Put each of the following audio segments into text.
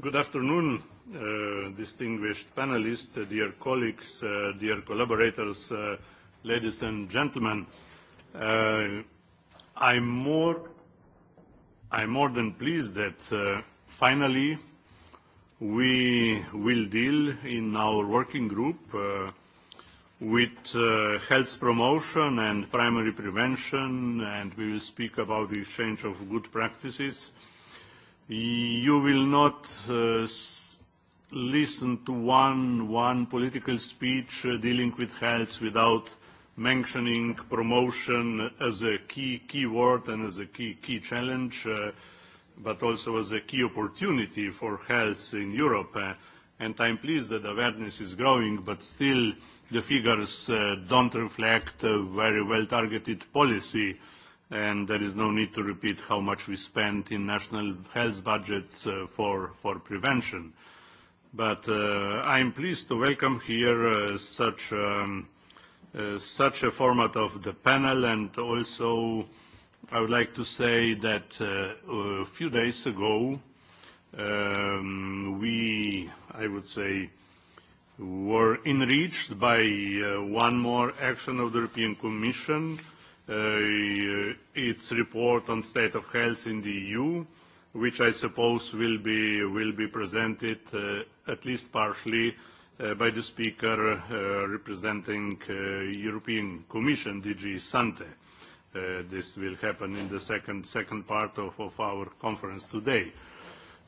Good afternoon, distinguished panelists, dear colleagues, dear collaborators, ladies and gentlemen. I'm more than pleased that finally we will deal in our working group with health promotion and primary prevention, and we will speak about the exchange of good practices you will not listen to one one political speech dealing with health without mentioning promotion as a key key word and as a key key challenge but also as a key opportunity for health in Europe and I'm pleased that awareness is growing but still the figures don't reflect a very well targeted policy and there is no need to repeat how much we spent in national health budgets for for prevention. But I am pleased to welcome here such such a format of the panel and also I would like to say that a few days ago we, I would say, were enriched by one more action of the European Commission its report on state of health in the EU, which I suppose will be will be presented at least partially by the speaker representing European Commission, DG Sante. This will happen in the second second part of our conference today.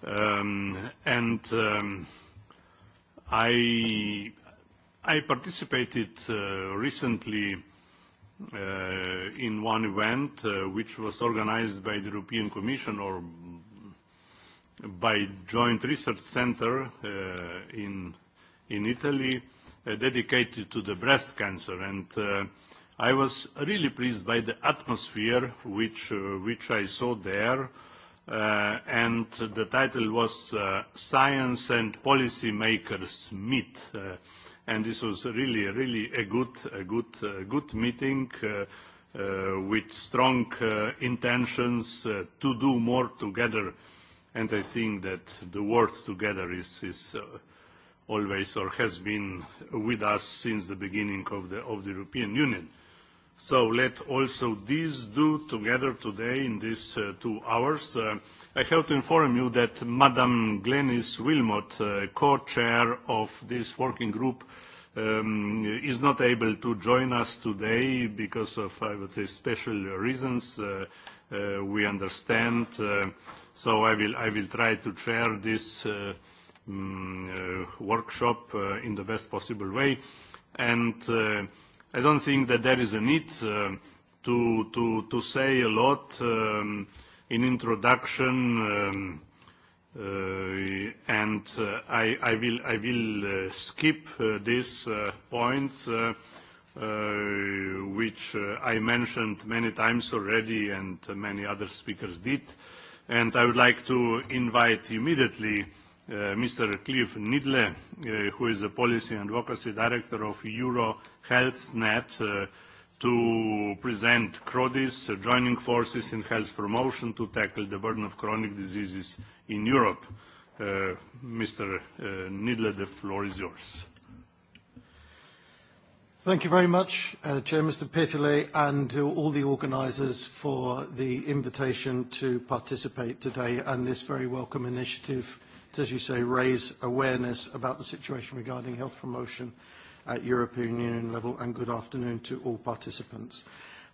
And I participated recently in one event which was organized by the European Commission or by Joint Research Center in Italy dedicated to the breast cancer. And I was really pleased by the atmosphere which I saw there. And the title was Science and Policymakers Meet and this was really, really a good, a good, good meeting with strong intentions to do more together. And I think that the word together is, is always or has been with us since the beginning of the, of the European Union. So let also these do together today in these two hours. I have to inform you that Madam Glenis Wilmot, co-chair of this working group, is not able to join us today because of, I would say, special reasons. We understand. So I will I will try to chair this workshop in the best possible way. And I don't think that there is a need to to to say a lot in introduction and I will skip these points which I mentioned many times already and many other speakers did. And I would like to invite immediately Mr. Cliff Nidle, who is the Policy and Advocacy Director of Euro Health Net, to present CRODIS, joining forces in health promotion to tackle the burden of chronic diseases in Europe. Mr. Nidler, the floor is yours. Thank you very much, Chair Mr. Peterle, and to all the organisers for the invitation to participate today and this very welcome initiative to, as you say, raise awareness about the situation regarding health promotion at European Union level, and good afternoon to all participants.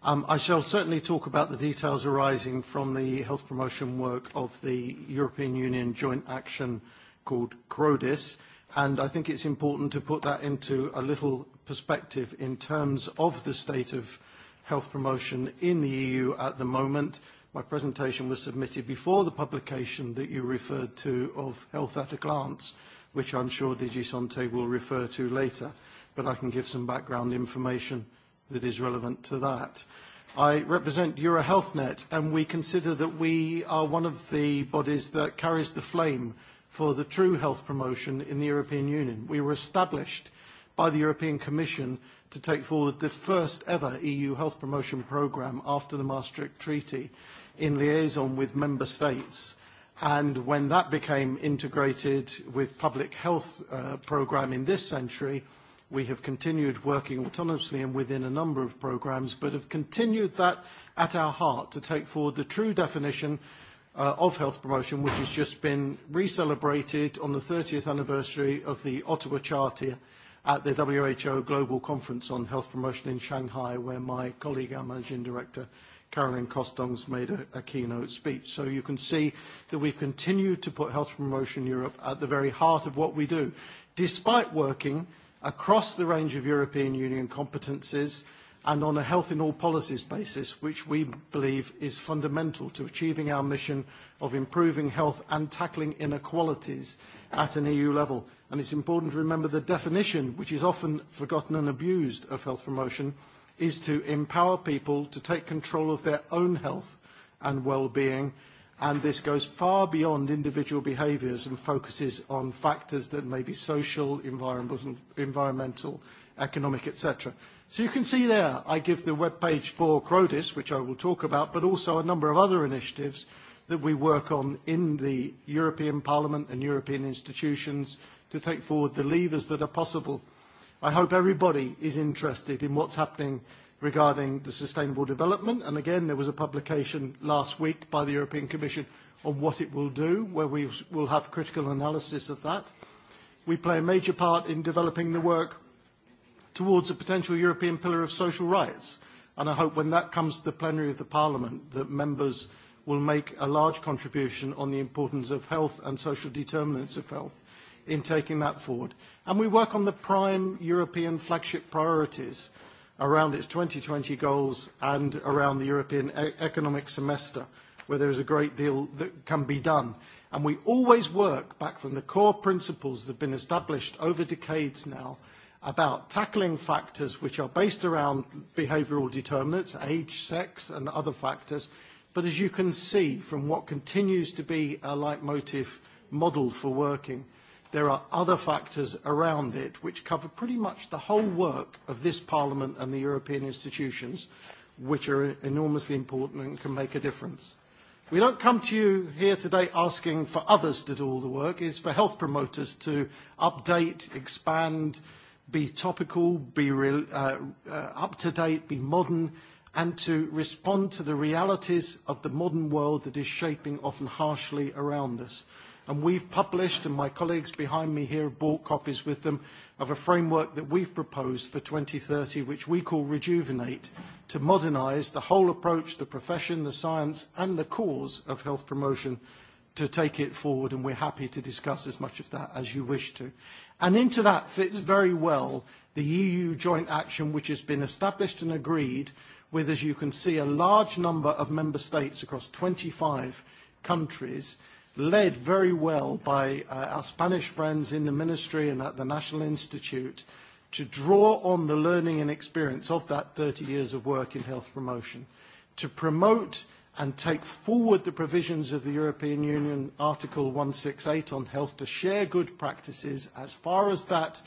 I shall certainly talk about the details arising from the health promotion work of the European Union joint action called CRODIS, and I think it's important to put that into a little perspective in terms of the state of health promotion in the EU at the moment. My presentation was submitted before the publication that you referred to of Health at a Glance, which I'm sure DG Sante will refer to later but I can give some background information that is relevant to that. I represent EuroHealthNet, and we consider that we are one of the bodies that carries the flame for the true health promotion in the European Union. We were established by the European Commission to take forward the first ever EU health promotion programme after the Maastricht Treaty in liaison with member states. And when that became integrated with public health program in this century, We have continued working autonomously and within a number of programs, but have continued that at our heart to take forward the true definition of health promotion, which has just been re-celebrated on the 30th anniversary of the Ottawa Charter at the WHO Global Conference on Health Promotion in Shanghai, where my colleague, our Managing Director, Carolyn Costons, made a keynote speech. So you can see that we've continued to put Health Promotion Europe at the very heart of what we do, despite working across the range of European Union competences and on a health in all policies basis, which we believe is fundamental to achieving our mission of improving health and tackling inequalities at an EU level. It it's important to remember the definition, which is often forgotten and abused, of health promotion, is to empower people to take control of their own health and well-being and this goes far beyond individual behaviours and focuses on factors that may be social, environmental, economic, etc. So you can see there, I give the web page for CRODIS, which I will talk about, but also a number of other initiatives that we work on in the European Parliament and European institutions to take forward the levers that are possible. I hope everybody is interested in what's happening regarding the sustainable development. And again, there was a publication last week by the European Commission on what it will do, where we will have critical analysis of that. We play a major part in developing the work towards a potential European pillar of social rights. And I hope when that comes to the plenary of the Parliament, that members will make a large contribution on the importance of health and social determinants of health in taking that forward. And we work on the prime European flagship priorities around its 2020 goals and around the European economic semester, where there is a great deal that can be done. And we always work back from the core principles that have been established over decades now about tackling factors which are based around behavioural determinants, age, sex and other factors. But as you can see from what continues to be a leitmotif model for working, there are other factors around it which cover pretty much the whole work of this Parliament and the European institutions, which are enormously important and can make a difference. We don't come to you here today asking for others to do all the work. It's for health promoters to update, expand, be topical, be up-to-date, be modern, and to respond to the realities of the modern world that is shaping often harshly around us. And we've published, and my colleagues behind me here have bought copies with them, of a framework that we've proposed for 2030, which we call Rejuvenate, to modernise the whole approach, the profession, the science, and the cause of health promotion to take it forward, and we're happy to discuss as much of that as you wish to. And into that fits very well the EU joint action, which has been established and agreed with, as you can see, a large number of member states across 25 countries led very well by our Spanish friends in the ministry and at the National Institute to draw on the learning and experience of that 30 years of work in health promotion, to promote and take forward the provisions of the European Union Article 168 on health to share good practices as far as that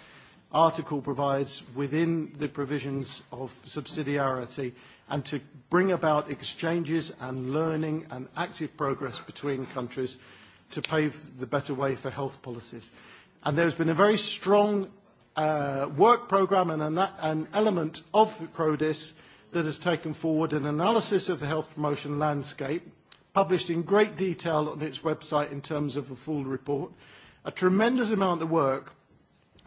article provides within the provisions of subsidiarity and to bring about exchanges and learning and active progress between countries to pave the better way for health policies. And there's been a very strong work programme and an element of the CRODIS that has taken forward an analysis of the health promotion landscape, published in great detail on its website in terms of a full report. A tremendous amount of work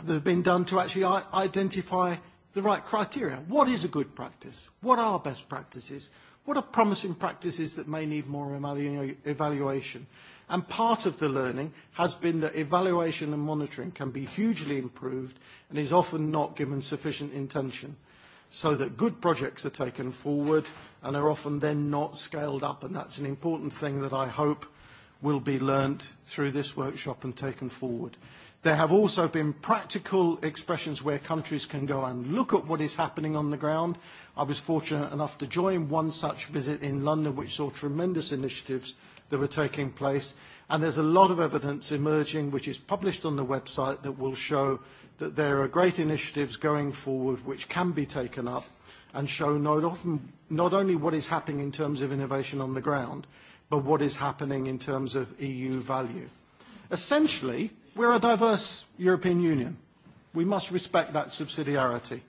that has been done to actually identify the right criteria. What is a good practice? What are best practices? What are promising practices that may need more evaluation? And part of the learning has been that evaluation and monitoring can be hugely improved and is often not given sufficient intention so that good projects are taken forward and are often then not scaled up. And that's an important thing that I hope will be learnt through this workshop and taken forward. There have also been practical expressions where countries can go and look at what is happening on the ground. I was fortunate enough to join one such visit in London, which saw tremendous initiatives that were taking place. And there's a lot of evidence emerging, which is published on the website, that will show that there are great initiatives going forward which can be taken up and show not often not only what is happening in terms of innovation on the ground, but what is happening in terms of EU value. Essentially, we're a diverse European Union. We must respect that subsidiarity.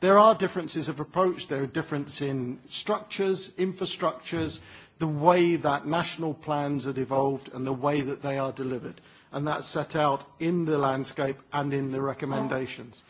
There are differences of approach. There are differences in structures, infrastructures, the way that national plans are devolved and the way that they are delivered. And that's set out in the landscape and in the recommendations.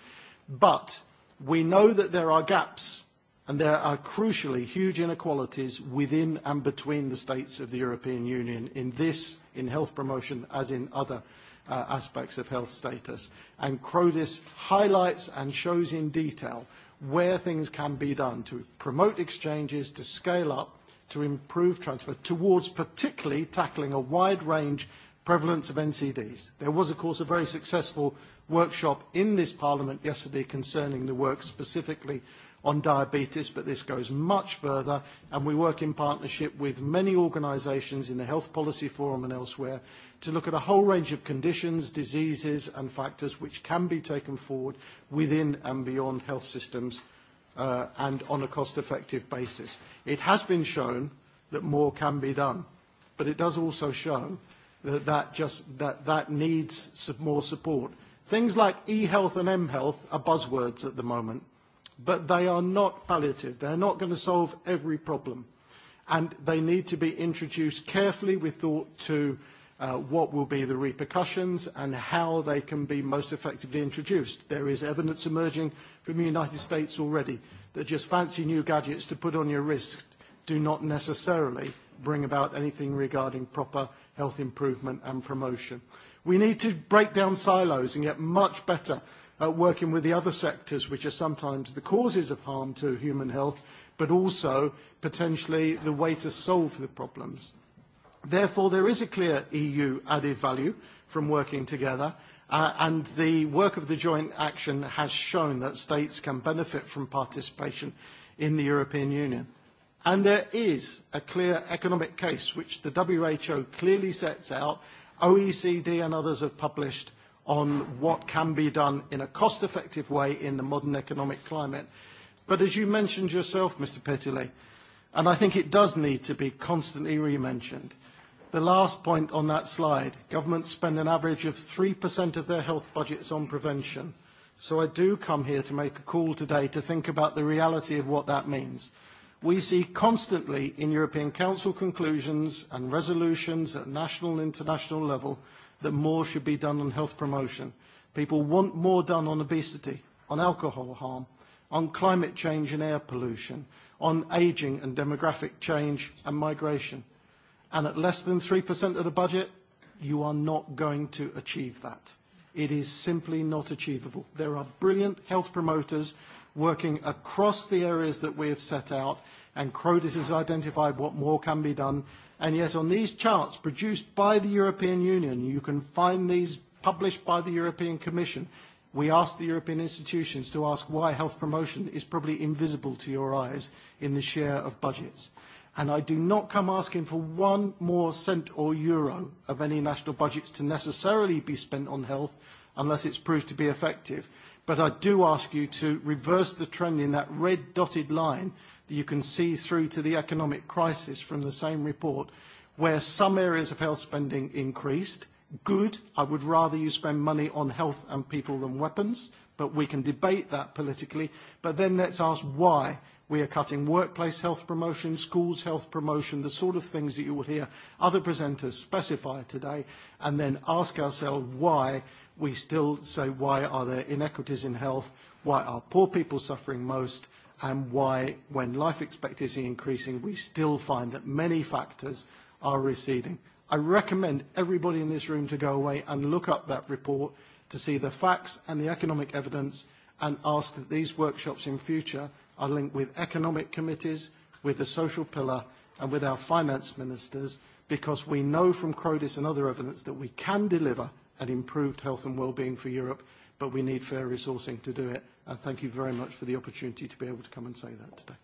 But we know that there are gaps and there are crucially huge inequalities within and between the states of the European Union in this, in health promotion, as in other aspects of health status. And CRODIS highlights and shows in detail where things can be done to promote exchanges, to scale up, to improve transfer towards particularly tackling a wide range prevalence of NCDs. There was, of course, a very successful workshop in this Parliament yesterday concerning the work specifically on diabetes, but this goes much further, and we work in partnership with many organisations in the Health Policy Forum and elsewhere to look at a whole range of conditions, diseases and factors which can be taken forward within and beyond health systems and on a cost-effective basis. It has been shown that more can be done, but it does also show that that just that that needs more support. Things like e-health and m-health are buzzwords at the moment, but they are not palliative. They're not going to solve every problem, and they need to be introduced carefully with thought to what will be the repercussions and how they can be most effectively introduced. There is evidence emerging from the United States already that just fancy new gadgets to put on your wrist do not necessarily bring about anything regarding proper health improvement and promotion. We need to break down silos and get much better at working with the other sectors, which are sometimes the causes of harm to human health, but also potentially the way to solve the problems. Therefore, there is a clear EU added value from working together, and the work of the joint action has shown that states can benefit from participation in the European Union. And there is a clear economic case, which the WHO clearly sets out, OECD and others have published on what can be done in a cost-effective way in the modern economic climate. But as you mentioned yourself, Mr. Petillet, and I think it does need to be constantly re-mentioned, The last point on that slide, governments spend an average of 3% of their health budgets on prevention. So I do come here to make a call today to think about the reality of what that means. We see constantly in European Council conclusions and resolutions at national and international level that more should be done on health promotion. People want more done on obesity, on alcohol harm, on climate change and air pollution, on ageing and demographic change and migration and at less than 3% of the budget, you are not going to achieve that. It is simply not achievable. There are brilliant health promoters working across the areas that we have set out, and CRODIS has identified what more can be done. And yet on these charts produced by the European Union, you can find these published by the European Commission, we ask the European institutions to ask why health promotion is probably invisible to your eyes in the share of budgets and I do not come asking for one more cent or euro of any national budgets to necessarily be spent on health unless it's proved to be effective. But I do ask you to reverse the trend in that red dotted line that you can see through to the economic crisis from the same report, where some areas of health spending increased. Good, I would rather you spend money on health and people than weapons, but we can debate that politically. But then let's ask why We are cutting workplace health promotion, schools health promotion, the sort of things that you will hear other presenters specify today, and then ask ourselves why we still say why are there inequities in health, why are poor people suffering most, and why, when life expectancy is increasing, we still find that many factors are receding. I recommend everybody in this room to go away and look up that report to see the facts and the economic evidence and ask that these workshops in future are linked with economic committees, with the social pillar, and with our finance ministers, because we know from CRODIS and other evidence that we can deliver an improved health and well-being for Europe, but we need fair resourcing to do it. And thank you very much for the opportunity to be able to come and say that today.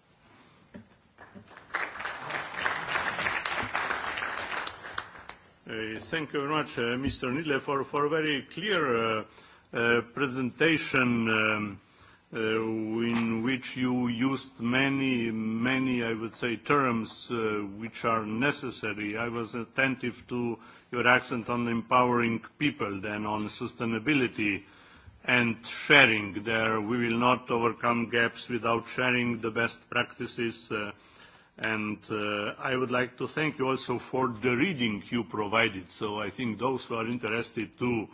Thank you very much, Mr. Nidle, for a very clear presentation in which you used many, many, I would say, terms which are necessary. I was attentive to your accent on empowering people, then on sustainability and sharing. There we will not overcome gaps without sharing the best practices. And I would like to thank you also for the reading you provided. So I think those who are interested to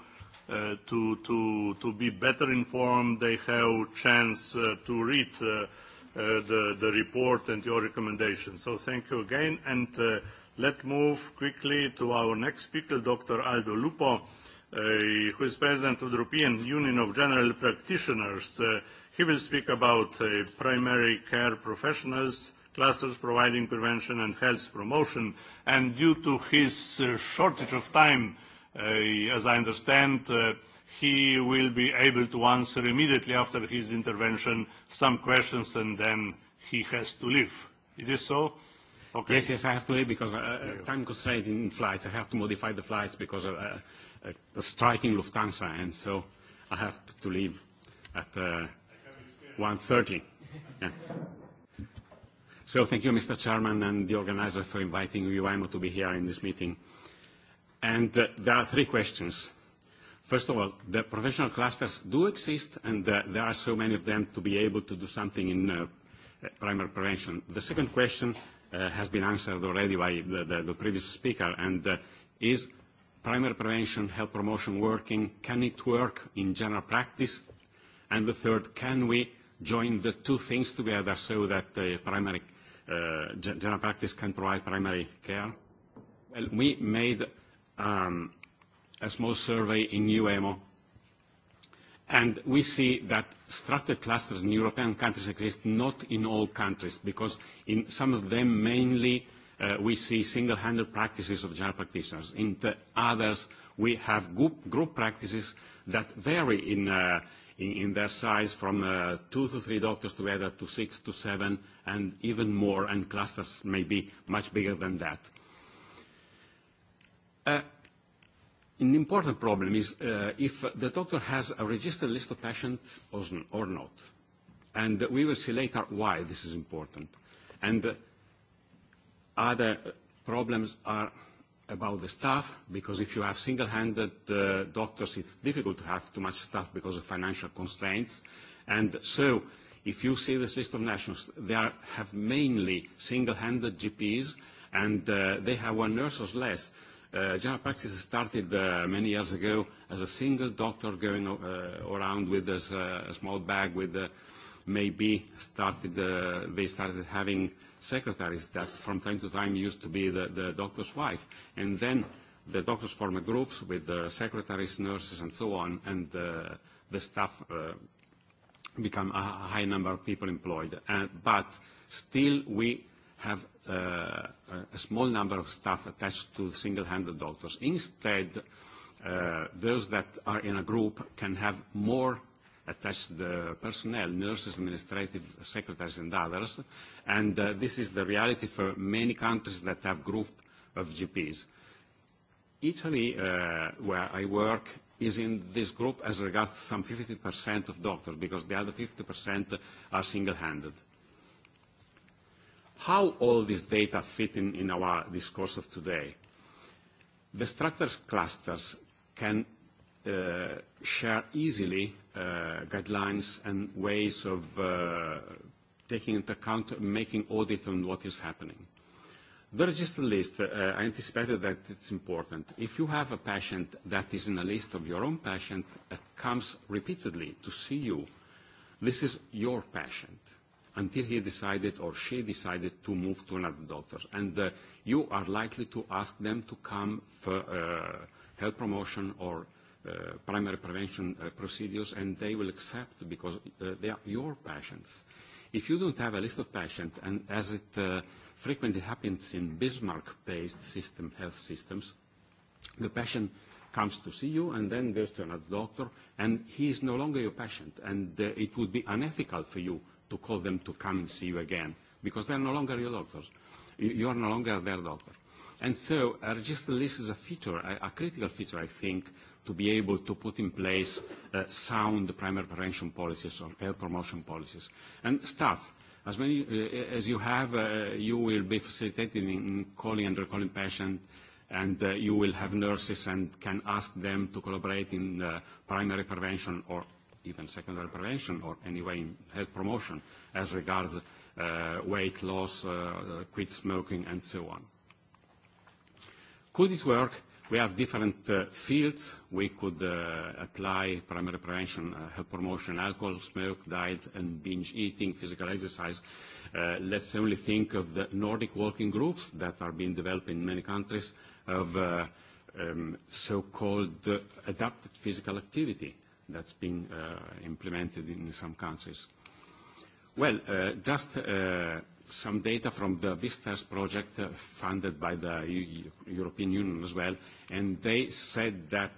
to to to be better informed they have chance to read the the report and your recommendations so thank you again and let's move quickly to our next speaker dr aldo lupo who is president of the european union of general practitioners he will speak about primary care professionals clusters providing prevention and health promotion and due to his shortage of time As I understand, he will be able to answer immediately after his intervention some questions and then he has to leave. It is so? Yes, yes, I have to leave because time constraint in flights. I have to modify the flights because of a striking Lufthansa and so I have to leave at 1.30. So thank you, Mr. Chairman and the organizer for inviting UIMO to be here in this meeting. And there are three questions. First of all, the professional clusters do exist, and there are so many of them to be able to do something in primary prevention. The second question has been answered already by the previous speaker, and is primary prevention, health promotion working? Can it work in general practice? And the third, can we join the two things together so that primary general practice can provide primary care? Well, we made a small survey in UEMO, and we see that structured clusters in European countries exist not in all countries, because in some of them mainly we see single-handed practices of general practitioners. In others, we have group practices that vary in their size from two to three doctors together to six to seven and even more, and clusters may be much bigger than that. An important problem is if the doctor has a registered list of patients or not. And we will see later why this is important. And other problems are about the staff, because if you have single-handed doctors, it's difficult to have too much staff because of financial constraints. And so if you see this list of nationals, they have mainly single-handed GPs, and they have one nurse or less. General practice started many years ago as a single doctor going around with a small bag with maybe started they started having secretaries that from time to time used to be the doctor's wife. And then the doctors formed groups with the secretaries, nurses, and so on, and the staff become a high number of people employed. But still we have a small number of staff attached to single-handed doctors. Instead, those that are in a group can have more attached personnel, nurses, administrative secretaries, and others. And this is the reality for many countries that have groups of GPs. Italy, where I work, is in this group as regards some 50% of doctors, because the other 50% are single-handed how all this data fit in, our discourse of today. The structures clusters can share easily guidelines and ways of taking into account making audit on what is happening. The register list, I anticipated that it's important. If you have a patient that is in a list of your own patient that comes repeatedly to see you, this is your patient until he decided or she decided to move to another doctor. And you are likely to ask them to come for health promotion or primary prevention procedures, and they will accept because they are your patients. If you don't have a list of patients, and as it frequently happens in Bismarck-based system health systems, the patient comes to see you and then goes to another doctor, and he is no longer your patient, and it would be unethical for you to call them to come and see you again, because they're no longer your doctors. You are no longer their doctor. And so a register list is a feature, a critical feature, I think, to be able to put in place sound primary prevention policies or health promotion policies. And staff, as many as you have, you will be facilitating in calling and recalling patients, and you will have nurses and can ask them to collaborate in primary prevention or even secondary prevention or anyway health promotion as regards weight loss, quit smoking and so on. Could it work? We have different fields. We could apply primary prevention, health promotion, alcohol, smoke, diet and binge eating, physical exercise. Let's only think of the Nordic working groups that are being developed in many countries of so-called adapted physical activity that's been implemented in some countries. Well, just some data from the BISTARS project funded by the European Union as well, and they said that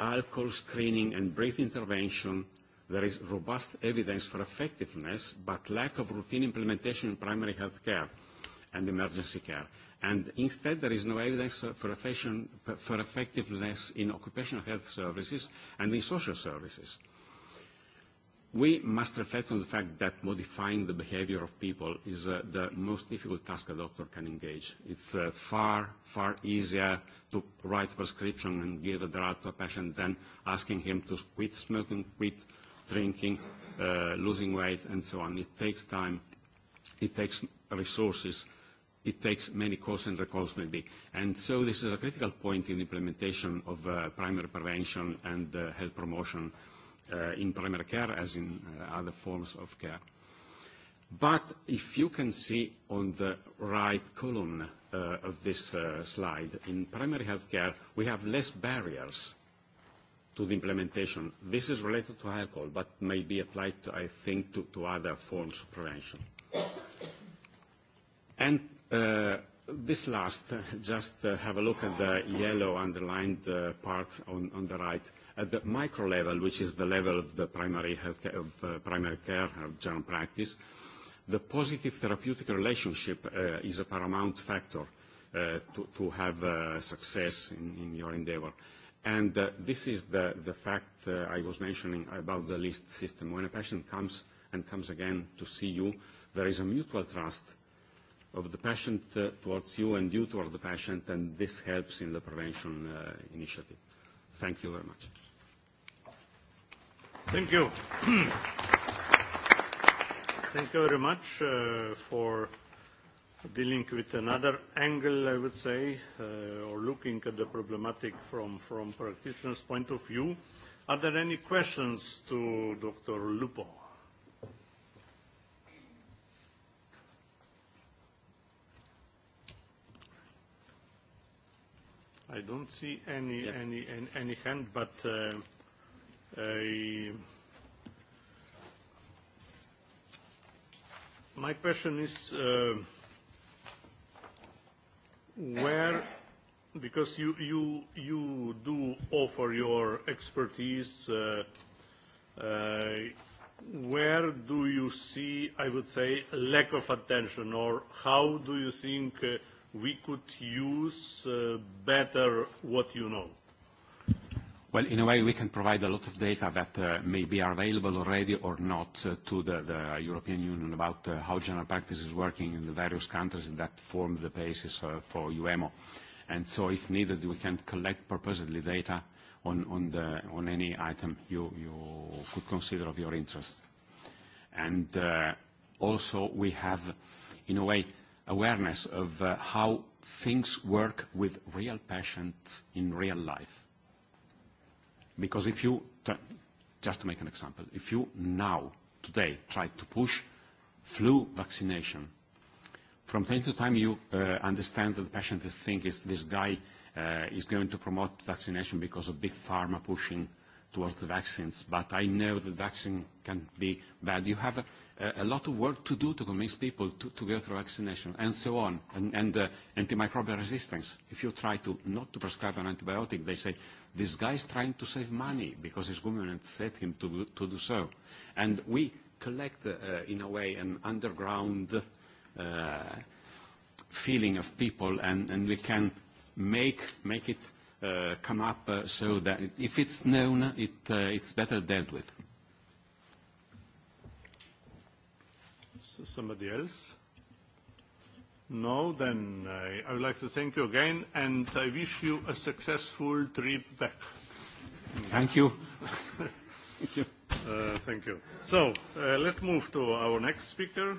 alcohol screening and brief intervention, there is robust evidence for effectiveness, but lack of routine implementation in primary health care and emergency care and instead there is no evidence for effectiveness in occupational health services and in social services. We must reflect on the fact that modifying the behavior of people is the most difficult task a doctor can engage. It's far, far easier to write a prescription and give a drug to a patient than asking him to quit smoking, quit drinking, losing weight, and so on. It takes time. It takes resources it takes many calls and recalls maybe. And so this is a critical point in implementation of primary prevention and health promotion in primary care as in other forms of care. But if you can see on the right column of this slide, in primary health care we have less barriers to the implementation. This is related to alcohol, but may be applied, I think, to other forms of prevention. And This last, just have a look at the yellow underlined part on the right. At the micro level, which is the level of the primary care of general practice, the positive therapeutic relationship is a paramount factor to have success in your endeavor. And this is the fact I was mentioning about the list system. When a patient comes and comes again to see you, there is a mutual trust of the patient towards you and you towards the patient, and this helps in the prevention initiative. Thank you very much. Thank you. Thank you very much for dealing with another angle, I would say, or looking at the problematic from from practitioner's point of view. Are there any questions to Dr. Lupo? I don't see any any any hand, but my question is where, because you you you do offer your expertise, where do you see, I would say, lack of attention, or how do you think? we could use better what you know? Well, in a way, we can provide a lot of data that may be available already or not to the European Union about how general practice is working in the various countries that form the basis for UMO. And so, if needed, we can collect purposely data on any item you could consider of your interest. And also, we have, in a way, awareness of how things work with real patients in real life. Because if you, just to make an example, if you now, today, try to push flu vaccination, from time to time you understand that the patient is thinking this guy is going to promote vaccination because of big pharma pushing towards the vaccines, but I know the vaccine can be bad. You have a lot of work to do to convince people to go through vaccination and so on, and antimicrobial resistance. If you try to not to prescribe an antibiotic, they say, this guy is trying to save money because his government set him to do so. And we collect, in a way, an underground feeling of people, and we can make it come up so that if it's known, it it's better dealt with. Somebody else? No? Then I would like to thank you again, and I wish you a successful trip back. Thank you. Thank you. So let's move to our next speaker,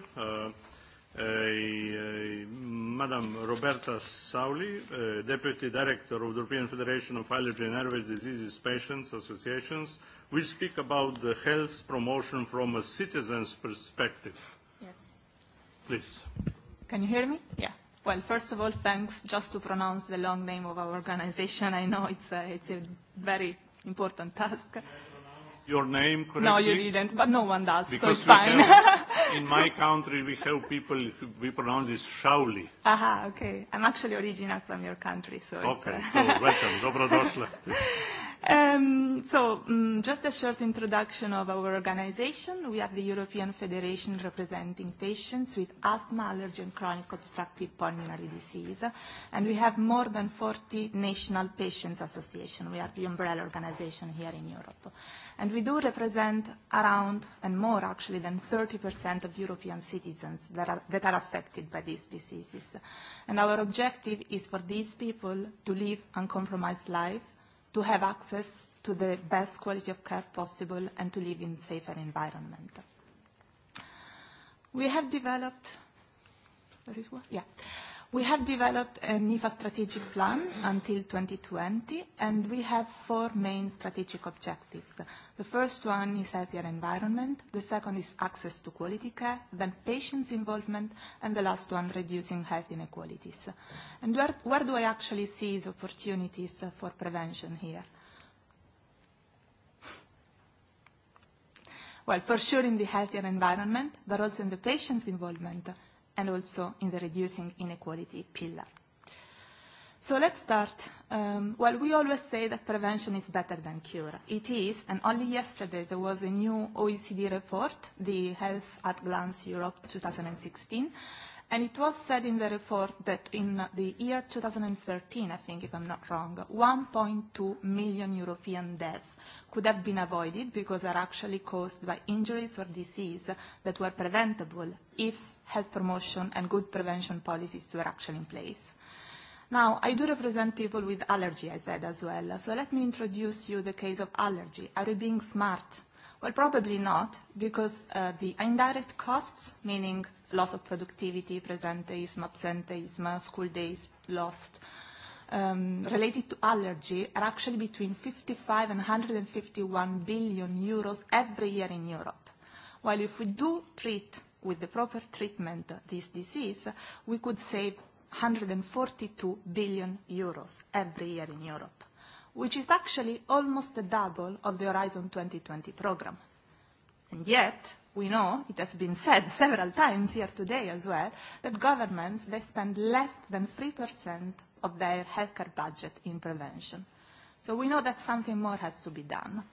Madam Roberta Sauli, Deputy Director of the European Federation of Allergy and Nervous Diseases Patients Associations, will speak about the health promotion from a citizen's perspective. Please. Can you hear me? Yeah. Well, first of all, thanks just to pronounce the long name of our organization. I know it's a, it's a very important task. Your name correctly? No, you didn't, but no one does, so it's fine. in my country, we have people, we pronounce it Shauli. Aha, okay. I'm actually original from your country, so Okay, so welcome. Dobrodošla. So just a short introduction of our organization. We are the European Federation representing patients with asthma, allergy and chronic obstructive pulmonary disease, and we have more than 40 national patients associations. We are the umbrella organization here in Europe. And we do represent around and more actually than 30% of European citizens that are affected by these diseases. And our objective is for these people to live uncompromised life to have access to the best quality of care possible and to live in safer environment. We have developed, yeah, We have developed a MIFA strategic plan until 2020, and we have four main strategic objectives. The first one is healthier environment, the second is access to quality care, then patients' involvement, and the last one, reducing health inequalities. And where do I actually see the opportunities for prevention here? Well, for sure in the healthier environment, but also in the patients' involvement and also in the reducing inequality pillar. So let's start. Well, we always say that prevention is better than cure. It is, and only yesterday there was a new OECD report, the Health at Glance Europe 2016, and it was said in the report that in the year 2013, I think if I'm not wrong, 1.2 million European deaths could have been avoided because are actually caused by injuries or disease that were preventable if health promotion and good prevention policies were actually in place. Now, I do represent people with allergy, I said as well. So let me introduce you the case of allergy. Are we being smart? Well, probably not, because the indirect costs, meaning loss of productivity, presenteeism, absenteeism, school days lost, related to allergy are actually between 55 and 151 billion euros every year in Europe. While if we do treat with the proper treatment this disease, we could save 142 billion euros every year in Europe, which is actually almost the double of the Horizon 2020 program. And yet, we know, it has been said several times here today as well, that governments, they spend less than 3% of their healthcare budget in prevention. So we know that something more has to be done.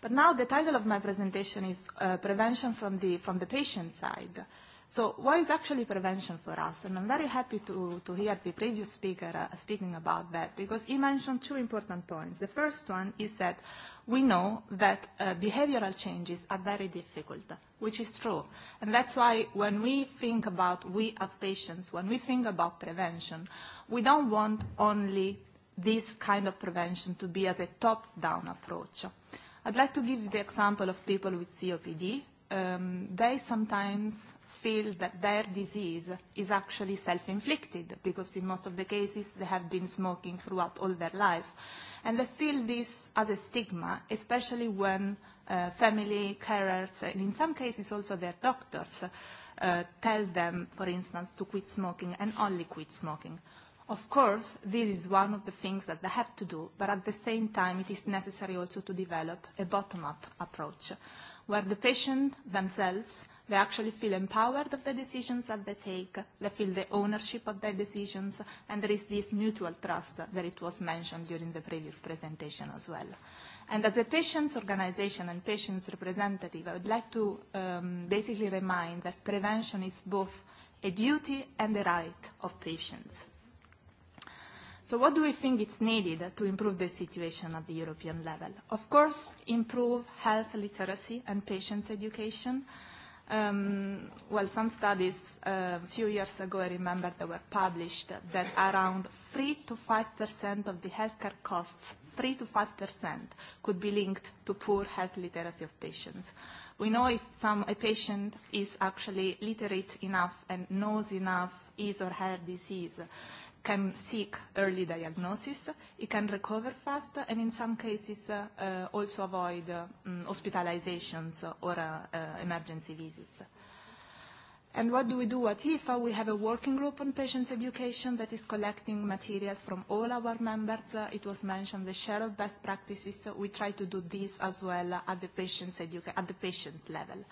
But now the title of my presentation is Prevention from the Patient Side. So what is actually prevention for us? And I'm very happy to, to hear the previous speaker speaking about that because he mentioned two important points. The first one is that we know that behavioral changes are very difficult, which is true. And that's why when we think about we as patients, when we think about prevention, we don't want only this kind of prevention to be as a top-down approach. I'd like to give you the example of people with COPD. They sometimes feel that their disease is actually self-inflicted because in most of the cases they have been smoking throughout all their life. And they feel this as a stigma, especially when family carers and in some cases also their doctors tell them, for instance, to quit smoking and only quit smoking. Of course, this is one of the things that they have to do, but at the same time it is necessary also to develop a bottom-up approach where the patient themselves, they actually feel empowered of the decisions that they take, they feel the ownership of their decisions, and there is this mutual trust that it was mentioned during the previous presentation as well. And as a patient's organization and patient's representative, I would like to basically remind that prevention is both a duty and a right of patients. So what do we think is needed to improve the situation at the European level? Of course, improve health literacy and patients' education. Well, some studies a few years ago, I remember, that were published that around 3 to 5% of the healthcare costs, 3 to 5%, could be linked to poor health literacy of patients. We know if some a patient is actually literate enough and knows enough his or her disease can seek early diagnosis, it can recover fast, and in some cases also avoid hospitalizations or emergency visits. And what do we do at IFA? We have a working group on patients' education that is collecting materials from all our members. It was mentioned the share of best practices. We try to do this as well at the patient's level.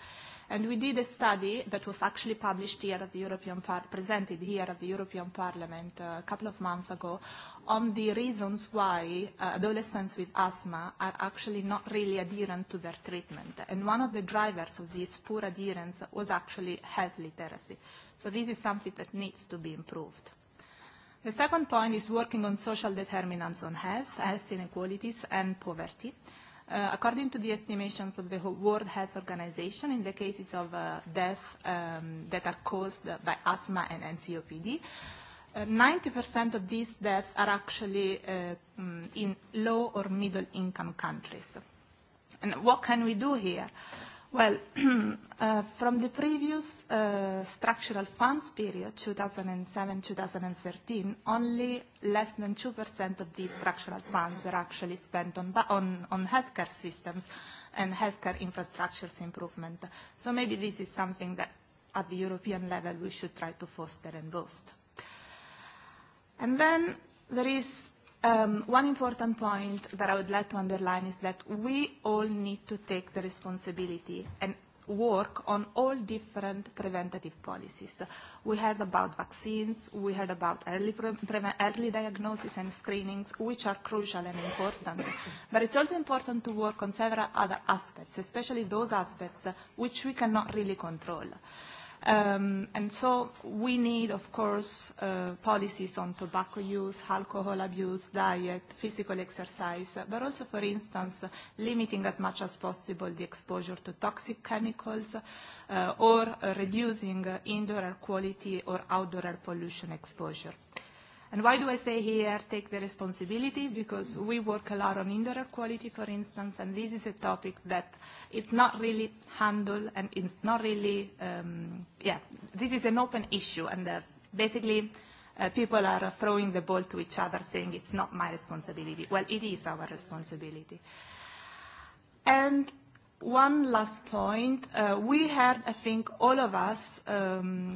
And we did a study that was actually published here at the European Parliament, presented here at the European Parliament a couple of months ago, on the reasons why adolescents with asthma are actually not really adherent to their treatment. And one of the drivers of this poor adherence was actually health literacy. So this is something that needs to be improved. The second point is working on social determinants on health, health inequalities and poverty. According to the estimations of the World Health Organization, in the cases of death that are caused by asthma and COPD, 90% of these deaths are actually in low or middle income countries. And what can we do here? Well, from the previous structural funds period, 2007-2013, only less than 2% of these structural funds were actually spent on on healthcare systems and healthcare infrastructures improvement. So maybe this is something that at the European level we should try to foster and boost. And then there is One important point that I would like to underline is that we all need to take the responsibility and work on all different preventative policies. We heard about vaccines, we heard about early diagnosis and screenings, which are crucial and important. But it's also important to work on several other aspects, especially those aspects which we cannot really control. And so we need, of course, policies on tobacco use, alcohol abuse, diet, physical exercise, but also, for instance, limiting as much as possible the exposure to toxic chemicals or reducing indoor air quality or outdoor air pollution exposure. And why do I say here take the responsibility? Because we work a lot on indoor quality, for instance, and this is a topic that it's not really handled and it's not really, yeah, this is an open issue and basically people are throwing the ball to each other saying it's not my responsibility. Well, it is our responsibility. And One last point. We heard, I think, all of us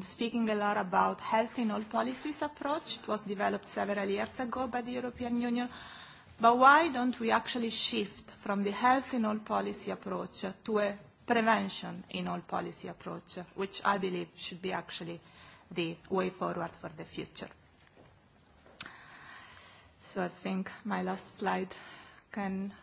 speaking a lot about health in all policies approach. It was developed several years ago by the European Union. But why don't we actually shift from the health in all policy approach to a prevention in all policy approach, which I believe should be actually the way forward for the future. So I think my last slide can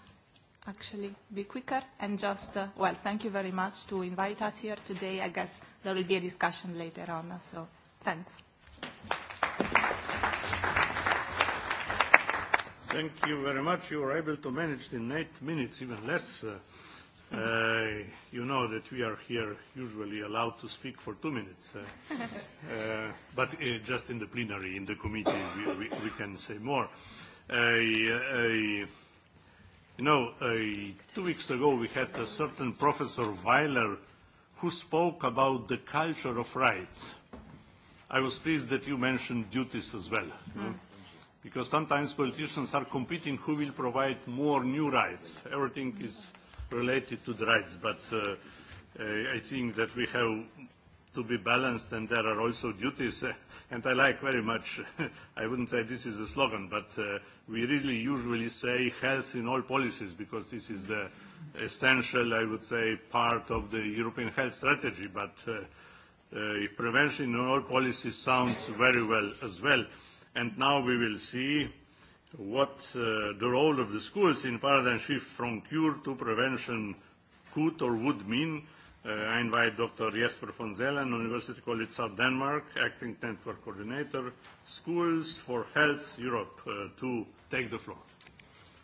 actually be quicker and just, well, thank you very much to invite us here today. I guess there will be a discussion later on, so thanks. Thank you very much. You were able to manage in eight minutes, even less. You know that we are here usually allowed to speak for two minutes, but just in the plenary, in the committee, we can say more. You know, two weeks ago we had a certain Professor Weiler who spoke about the culture of rights. I was pleased that you mentioned duties as well, because sometimes politicians are competing who will provide more new rights. Everything is related to the rights, but I think that we have to be balanced and there are also duties and I like very much, I wouldn't say this is a slogan, but we really usually say health in all policies because this is the essential, I would say, part of the European health strategy, but prevention in all policies sounds very well as well. And now we will see what the role of the schools in paradigm shift from cure to prevention could or would mean I invite Dr. Jesper von Zellen, University College South Denmark, Acting Network Coordinator, Schools for Health Europe, to take the floor.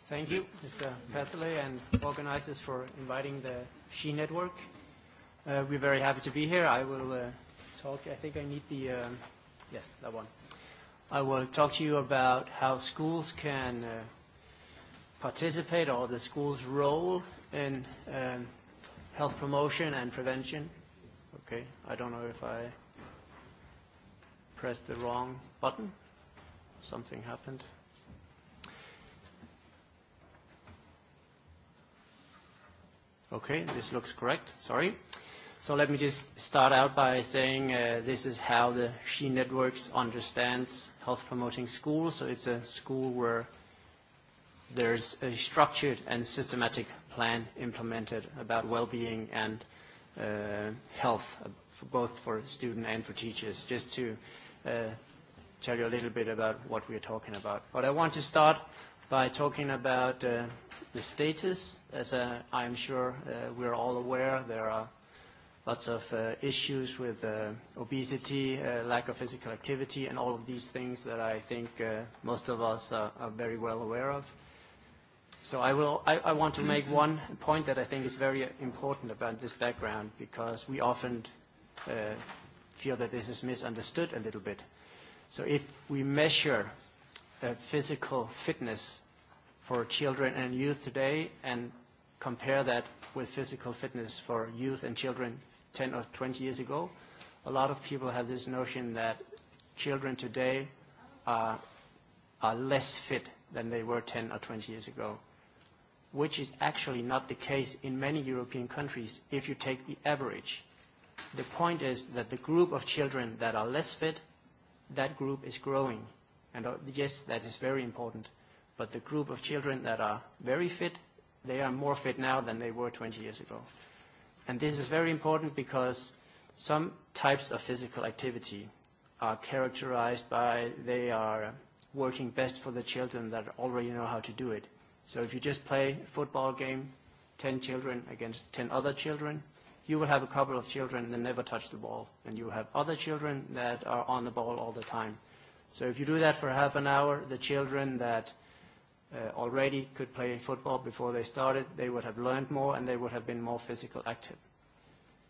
Thank you, Mr. Petley, and organizers for inviting the SHE Network. We're very happy to be here. I will talk, I think I need the, yes, that one. I will talk to you about how schools can participate or the school's role in health promotion and prevention. Okay, I don't know if I pressed the wrong button. Something happened. Okay, this looks correct. Sorry. So let me just start out by saying this is how the SHE Networks understands health-promoting schools. So it's a school where there's a structured and systematic plan implemented about well-being and health, both for students and for teachers, just to tell you a little bit about what we are talking about. But I want to start by talking about the status. As I'm sure we're all aware, there are lots of issues with obesity, lack of physical activity, and all of these things that I think most of us are very well aware of. So I want to make one point that I think is very important about this background because we often feel that this is misunderstood a little bit. So if we measure physical fitness for children and youth today and compare that with physical fitness for youth and children 10 or 20 years ago, a lot of people have this notion that children today are less fit than they were 10 or 20 years ago which is actually not the case in many European countries if you take the average. The point is that the group of children that are less fit, that group is growing. And yes, that is very important. But the group of children that are very fit, they are more fit now than they were 20 years ago. And this is very important because some types of physical activity are characterized by they are working best for the children that already know how to do it So if you just play a football game, 10 children against 10 other children, you will have a couple of children that never touch the ball, and you have other children that are on the ball all the time. So if you do that for half an hour, the children that already could play football before they started, they would have learned more and they would have been more physically active.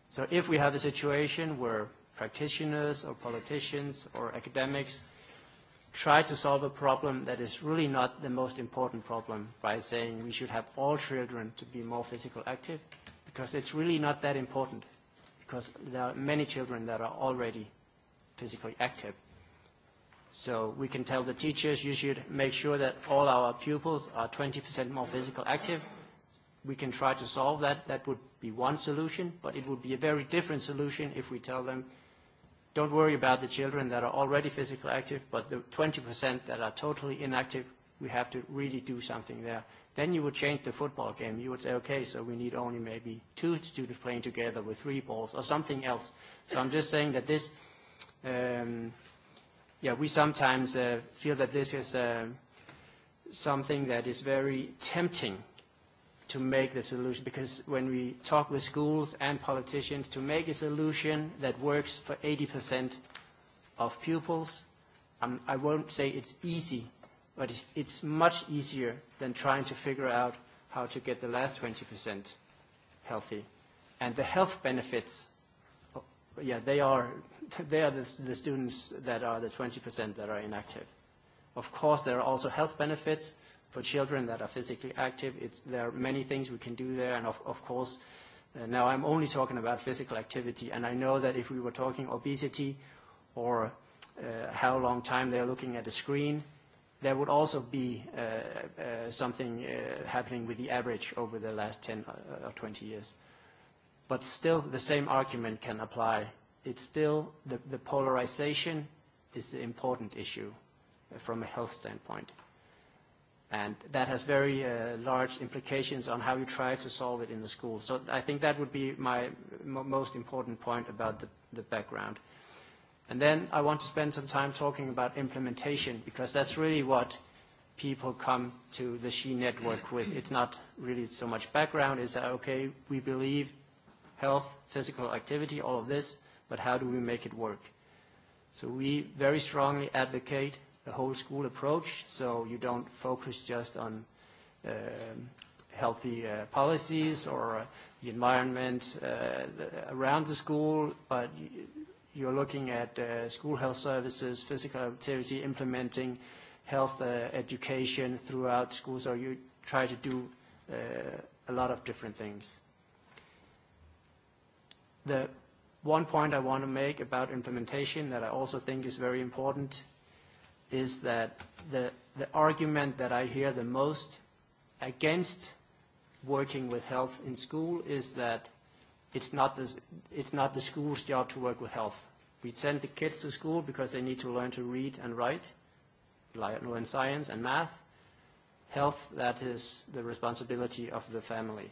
So if we have a situation where practitioners or politicians or academics try to solve a problem that is really not the most important problem by saying we should have all children to be more physically active because it's really not that important because there are many children that are already physically active. So we can tell the teachers you should make sure that all our pupils are 20% more physically active. We can try to solve that. That would be one solution, but it would be a very different solution if we tell them Don't worry about the children that are already physically active, but the 20% that are totally inactive, we have to really do something there. Then you would change the football game. You would say, okay, so we need only maybe two students playing together with three balls or something else. So I'm just saying that this, yeah, we sometimes feel that this is something that is very tempting to make the solution, because when we talk with schools and politicians, to make a solution that works for 80% of pupils, I won't say it's easy, but it's, it's much easier than trying to figure out how to get the last 20% healthy. And the health benefits, yeah, they are, they are the, the students that are the 20% that are inactive. Of course, there are also health benefits, for children that are physically active. It's, there are many things we can do there, and of, of course, now I'm only talking about physical activity, and I know that if we were talking obesity or how long time they're looking at the screen, there would also be something happening with the average over the last 10 or 20 years. But still, the same argument can apply. It's still the polarization is the important issue from a health standpoint and that has very large implications on how you try to solve it in the school. So I think that would be my most important point about the background. And then I want to spend some time talking about implementation because that's really what people come to the SHE network with. It's not really so much background. It's, okay, we believe health, physical activity, all of this, but how do we make it work? So we very strongly advocate a whole school approach, so you don't focus just on healthy policies or the environment around the school, but you're looking at school health services, physical activity, implementing health education throughout schools, so you try to do a lot of different things. The one point I want to make about implementation that I also think is very important is that the the argument that I hear the most against working with health in school is that it's not the school's job to work with health. We send the kids to school because they need to learn to read and write, learn science and math. Health, that is the responsibility of the family.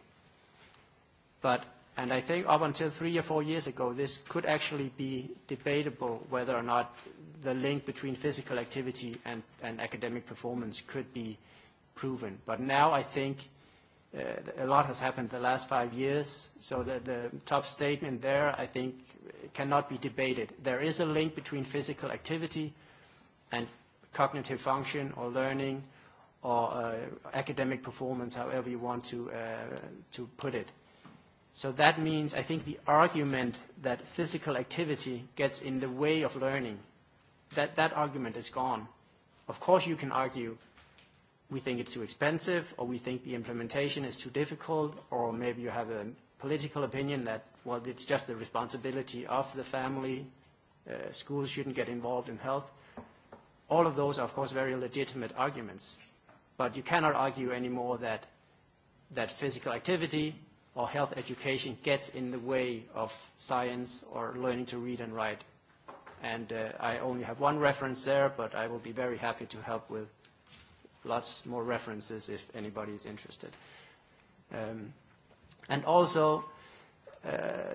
But And I think up until three or four years ago, this could actually be debatable whether or not the link between physical activity and, academic performance could be proven. But now I think a lot has happened the last five years, so the, top statement there, I think, cannot be debated. There is a link between physical activity and cognitive function or learning or academic performance, however you want to, to put it. So that means I think the argument that physical activity gets in the way of learning, that that argument is gone. Of course you can argue we think it's too expensive or we think the implementation is too difficult or maybe you have a political opinion that, well, it's just the responsibility of the family, schools shouldn't get involved in health. All of those are, of course, very legitimate arguments. But you cannot argue anymore that that physical activity or health education gets in the way of science or learning to read and write. And I only have one reference there, but I will be very happy to help with lots more references if anybody is interested. And also,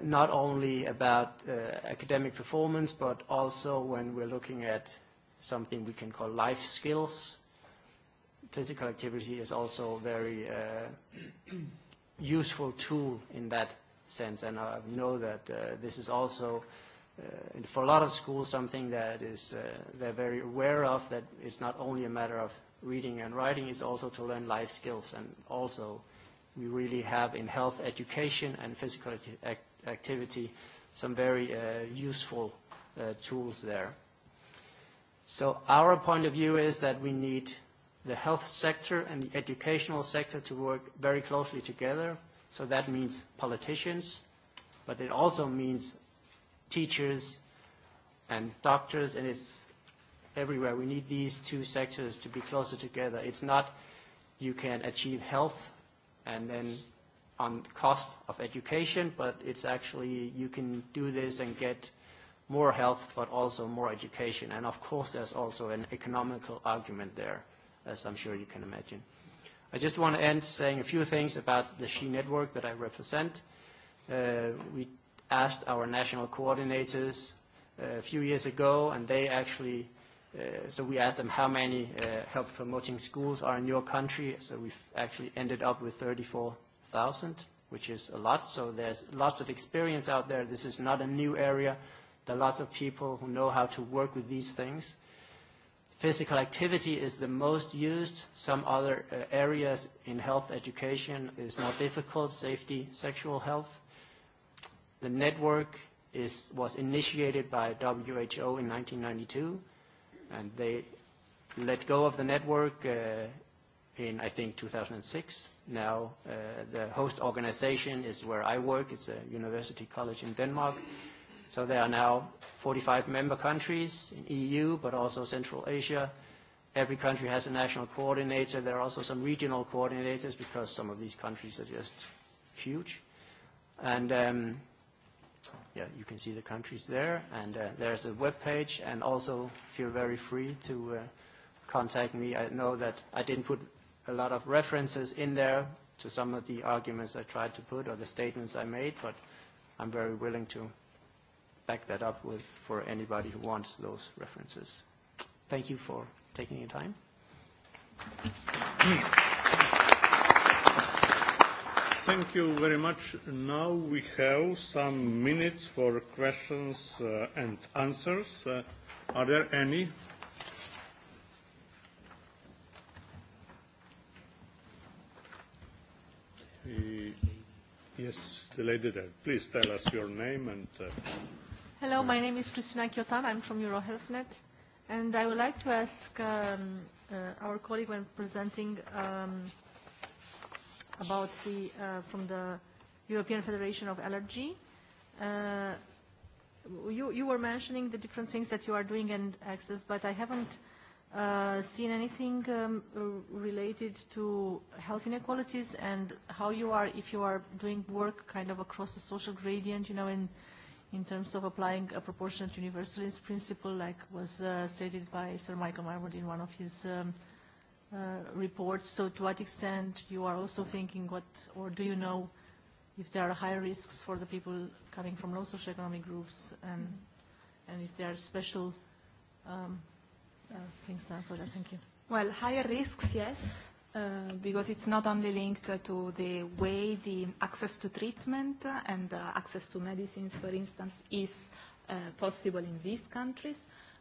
not only about academic performance, but also when we're looking at something we can call life skills, physical activity is also very useful tool in that sense. And I know that this is also, for a lot of schools, something that is they're very aware of, that it's not only a matter of reading and writing, it's also to learn life skills. And also, we really have in health education and physical activity some very useful tools there. So our point of view is that we need the health sector and the educational sector to work very closely together. So that means politicians, but it also means teachers and doctors, and it's everywhere. We need these two sectors to be closer together. It's not you can achieve health and then on cost of education, but it's actually you can do this and get more health, but also more education. And of course, there's also an economical argument there as I'm sure you can imagine. I just want to end saying a few things about the SHE network that I represent. We asked our national coordinators a few years ago, and they actually, so we asked them how many health promoting schools are in your country. So we've actually ended up with 34,000, which is a lot. So there's lots of experience out there. This is not a new area. There are lots of people who know how to work with these things. Physical activity is the most used. Some other areas in health education is more difficult, safety, sexual health. The network is was initiated by WHO in 1992, and they let go of the network in, I think, 2006. Now the host organization is where I work. It's a university college in Denmark So there are now 45 member countries in EU, but also Central Asia. Every country has a national coordinator. There are also some regional coordinators because some of these countries are just huge. And yeah, you can see the countries there. And there's a web page, and also feel very free to contact me. I know that I didn't put a lot of references in there to some of the arguments I tried to put or the statements I made, but I'm very willing to back that up with for anybody who wants those references. Thank you for taking your time. Thank you very much. Now we have some minutes for questions and answers. Are there any? Yes, the lady there. Please tell us your name and. Hello, my name is Christina Kiotan. I'm from EuroHealthNet. And I would like to ask our colleague when presenting about the, from the European Federation of Allergy. You, you were mentioning the different things that you are doing and access, but I haven't seen anything related to health inequalities and how you are, if you are doing work kind of across the social gradient, you know, in in terms of applying a proportionate universalist principle, like was stated by Sir Michael Marmot in one of his reports. So to what extent you are also thinking what, or do you know if there are higher risks for the people coming from low socioeconomic groups and and if there are special um, things done for that? Thank you. Well, higher risks, yes because it's not only linked to the way the access to treatment and access to medicines, for instance, is possible in these countries,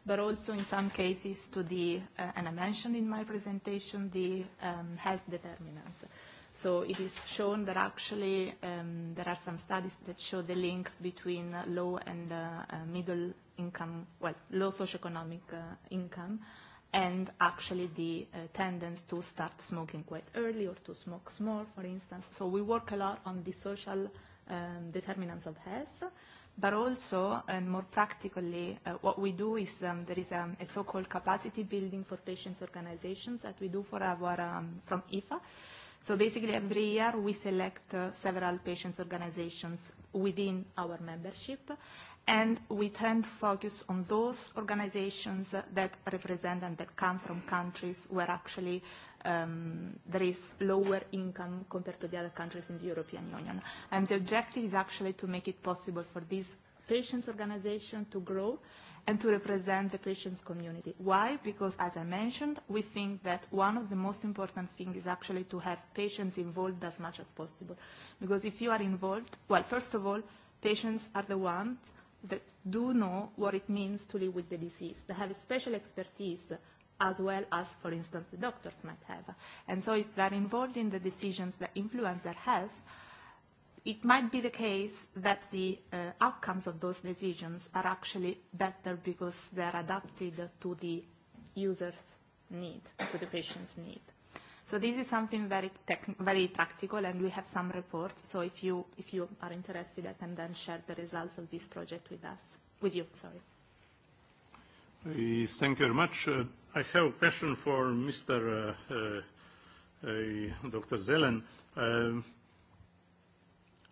but also in some cases to the, and I mentioned in my presentation, the health determinants. So it is shown that actually there are some studies that show the link between low and middle income, well, low socioeconomic income and actually the tendency to start smoking quite early or to smoke small, for instance. So we work a lot on the social determinants of health, but also, and more practically, what we do is there is a so-called capacity building for patients' organizations that we do for our from IFA. So basically every year we select several patients' organizations within our membership and we tend to focus on those organizations that represent and that come from countries where actually there is lower income compared to the other countries in the European Union. And the objective is actually to make it possible for these patients' organization to grow and to represent the patients' community. Why? Because, as I mentioned, we think that one of the most important things is actually to have patients involved as much as possible. Because if you are involved, well, first of all, patients are the ones that do know what it means to live with the disease. They have a special expertise as well as, for instance, the doctors might have. And so if they're involved in the decisions that influence their health, it might be the case that the outcomes of those decisions are actually better because they're adapted to the user's need, to the patient's need. So this is something very very practical, and we have some reports. So if you if you are interested, I can then share the results of this project with us, with you. Sorry. Thank you very much. I have a question for Mr. Dr. Zelen.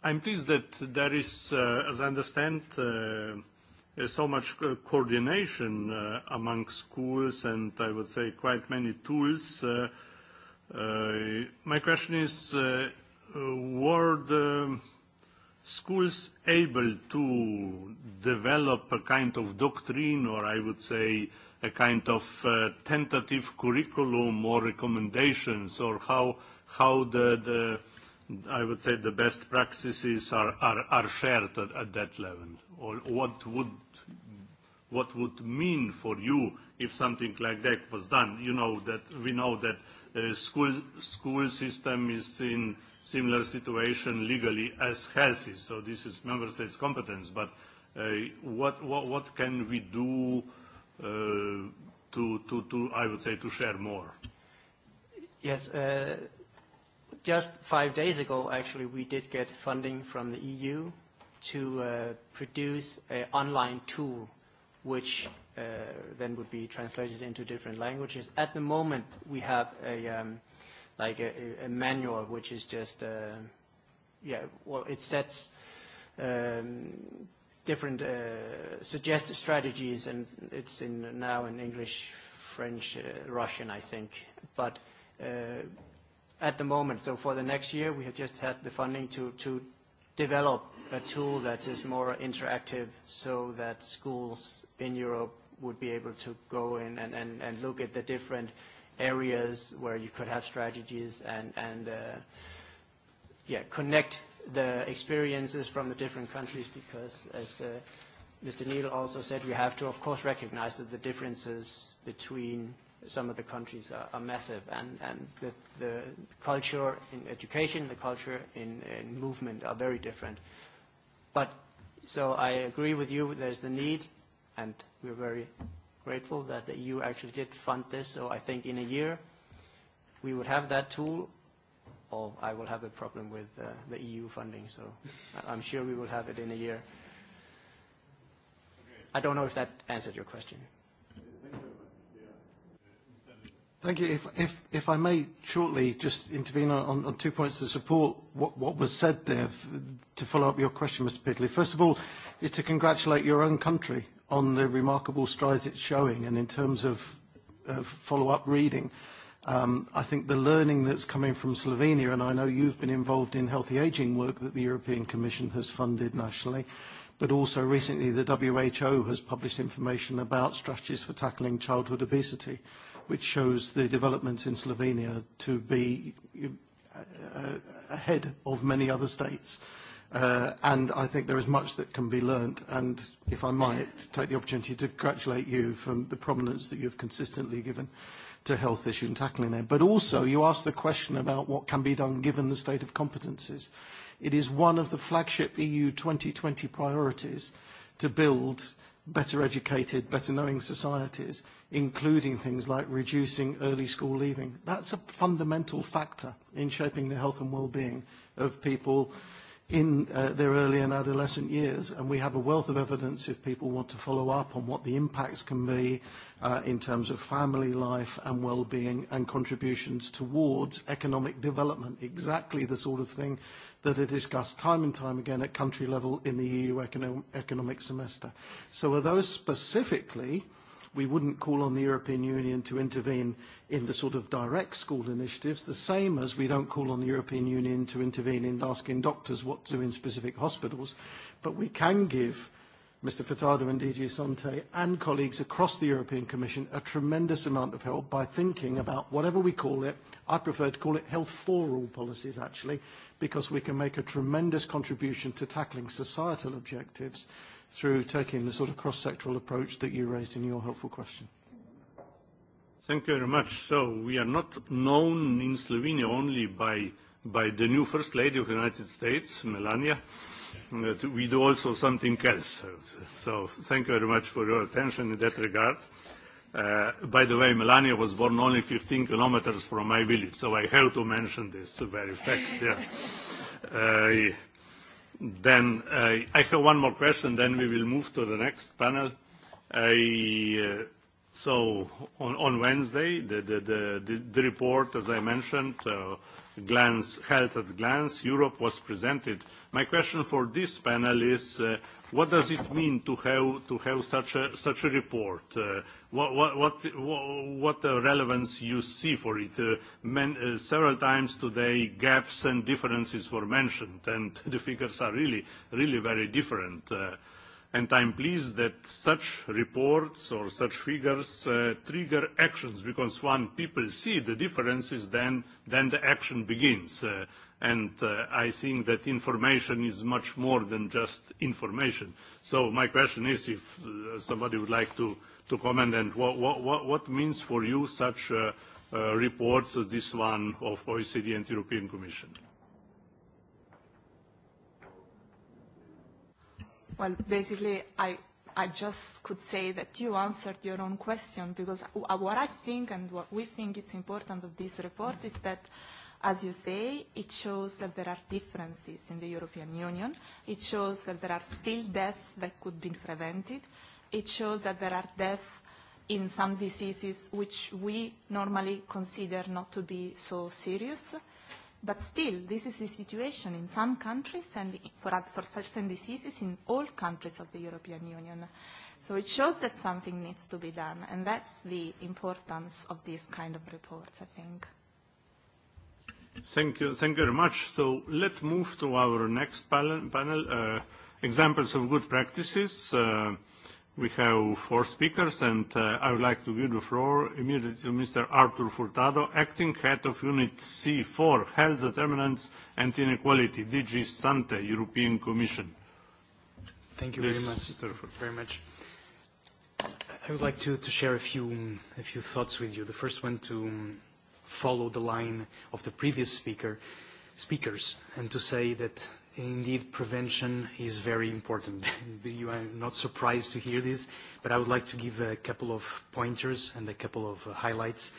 I'm pleased that there is, as I understand, so much coordination among schools and I would say quite many tools My question is, were the schools able to develop a kind of doctrine or I would say a kind of tentative curriculum or recommendations or how how the I would say the best practices are shared at that level or what would what would mean for you if something like that was done. You know that we know that the school system is in similar situation legally as health is, so this is member states' competence. But what what can we do to to to I would say to share more? Yes. Just five days ago, actually, we did get funding from the EU to produce an online tool which then would be translated into different languages. At the moment, we have a like a manual, which is just yeah, well, it sets different suggested strategies, and it's in now in English, French, Russian, I think. But at the moment, so for the next year, we have just had the funding to to develop a tool that is more interactive so that schools in Europe would be able to go in and, and, and look at the different areas where you could have strategies and, and yeah, connect the experiences from the different countries because, as Mr. Neal also said, we have to, of course, recognize that the differences between some of the countries are, are massive and, and the, the culture in education, the culture in, in movement are very different. But so I agree with you, there's the need, and we're very grateful that the EU actually did fund this. So I think in a year we would have that tool, or I will have a problem with the EU funding. So I'm sure we will have it in a year. I don't know if that answered your question. Thank you. If I may shortly just intervene on two points to support what was said there, to follow up your question, Mr. Pidley. First of all, is to congratulate your own country on the remarkable strides it's showing, and in terms of follow-up reading, I think the learning that's coming from Slovenia, and I know you've been involved in healthy aging work that the European Commission has funded nationally, but also recently the WHO has published information about strategies for tackling childhood obesity which shows the developments in Slovenia to be ahead of many other states. And I think there is much that can be learnt. And if I might take the opportunity to congratulate you from the prominence that you have consistently given to health issues and tackling it. But also, you asked the question about what can be done given the state of competences. It is one of the flagship EU 2020 priorities to build better educated, better knowing societies, including things like reducing early school leaving. That's a fundamental factor in shaping the health and well-being of people in their early and adolescent years. And we have a wealth of evidence if people want to follow up on what the impacts can be in terms of family life and well-being and contributions towards economic development, exactly the sort of thing that are discussed time and time again at country level in the EU economic semester. So are those specifically, we wouldn't call on the European Union to intervene in the sort of direct school initiatives, the same as we don't call on the European Union to intervene in asking doctors what to do in specific hospitals, but we can give Mr. Furtado and DG Sante and colleagues across the European Commission a tremendous amount of help by thinking about whatever we call it. I prefer to call it health for all policies, actually, because we can make a tremendous contribution to tackling societal objectives through taking the sort of cross-sectoral approach that you raised in your helpful question. Thank you very much. So we are not known in Slovenia only by by the new First Lady of the United States, Melania. We do also something else. So thank you very much for your attention in that regard. By the way, Melania was born only 15 kilometers from my village, so I have to mention this very fact. Then I have one more question, then we will move to the next panel. So on Wednesday, the report, as I mentioned, Health at Glance, Europe was presented. My question for this panel is, what does it mean to have such a report? What relevance you see for it? Several times today, gaps and differences were mentioned, and the figures are really, really very different and I am pleased that such reports or such figures trigger actions, because when people see the differences, then the action begins. And I think that information is much more than just information. So my question is if somebody would like to comment, and what means for you such reports as this one of OECD and European Commission? Well, basically, I I just could say that you answered your own question because what I think and what we think is important of this report is that, as you say, it shows that there are differences in the European Union. It shows that there are still deaths that could be prevented. It shows that there are deaths in some diseases which we normally consider not to be so serious But still, this is the situation in some countries and for certain diseases in all countries of the European Union. So it shows that something needs to be done, and that's the importance of these kind of reports, I think. Thank you. Thank you very much. So let's move to our next panel, examples of good practices. We have four speakers, and I would like to give the floor immediately to Mr. Artur Furtado, Acting Head of Unit C4, Health Determinants and Inequality, DG SANTE, European Commission. Thank you very much. Very much. I would like to share a few thoughts with you. The first one to follow the line of the previous speakers and to say that Indeed, prevention is very important. You are not surprised to hear this, but I would like to give a couple of pointers and a couple of highlights.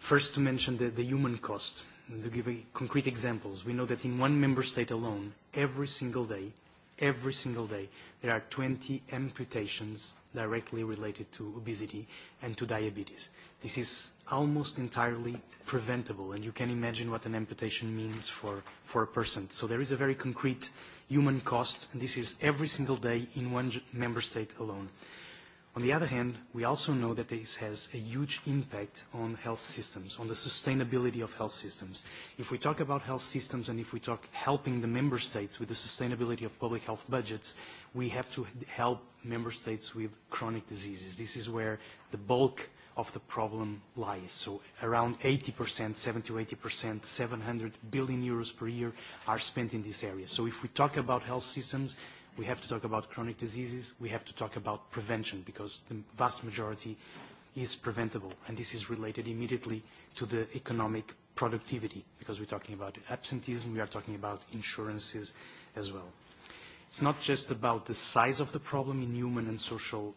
First, to mention the human cost. To give concrete examples, we know that in one member state alone, every single day, every single day, there are 20 amputations directly related to obesity and to diabetes. This is almost entirely preventable, and you can imagine what an amputation means for, for a person. So there is a very concrete human cost, and this is every single day in one member state alone. On the other hand, we also know that this has a huge impact on health systems, on the sustainability of health systems. If we talk about health systems and if we talk helping the member states with the sustainability of public health budgets, we have to help member states with chronic diseases. This is where the bulk of the problem lies. So around 80%, 70 to 80%, 700 billion euros per year are spent in this area. So if we talk about health systems, we have to talk about chronic diseases, we have to talk about prevention because the vast majority is preventable. And this is related immediately to the economic productivity because we're talking about absenteeism, we are talking about insurances as well. It's not just about the size of the problem in human and social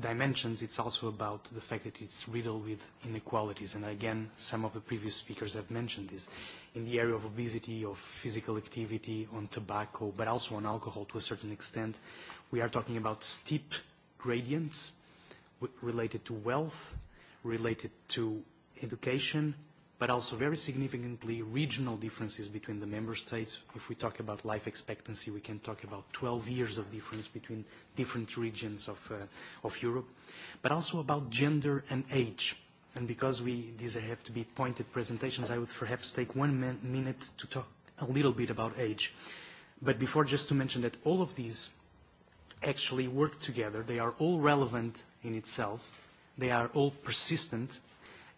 dimensions, it's also about the fact that it's riddled with inequalities. And again, some of the previous speakers have mentioned this in the area of obesity, of physical activity, on tobacco, but also on alcohol to a certain extent. We are talking about steep gradients related to wealth, related to education, but also very significantly regional differences between the member states. If we talk about life expectancy, we can talk about 12 years of difference between different regions of Europe, but also about gender and age. And because we these have to be pointed presentations, I would perhaps take one minute to talk a little bit about age. But before, just to mention that all of these actually work together. They are all relevant in itself. They are all persistent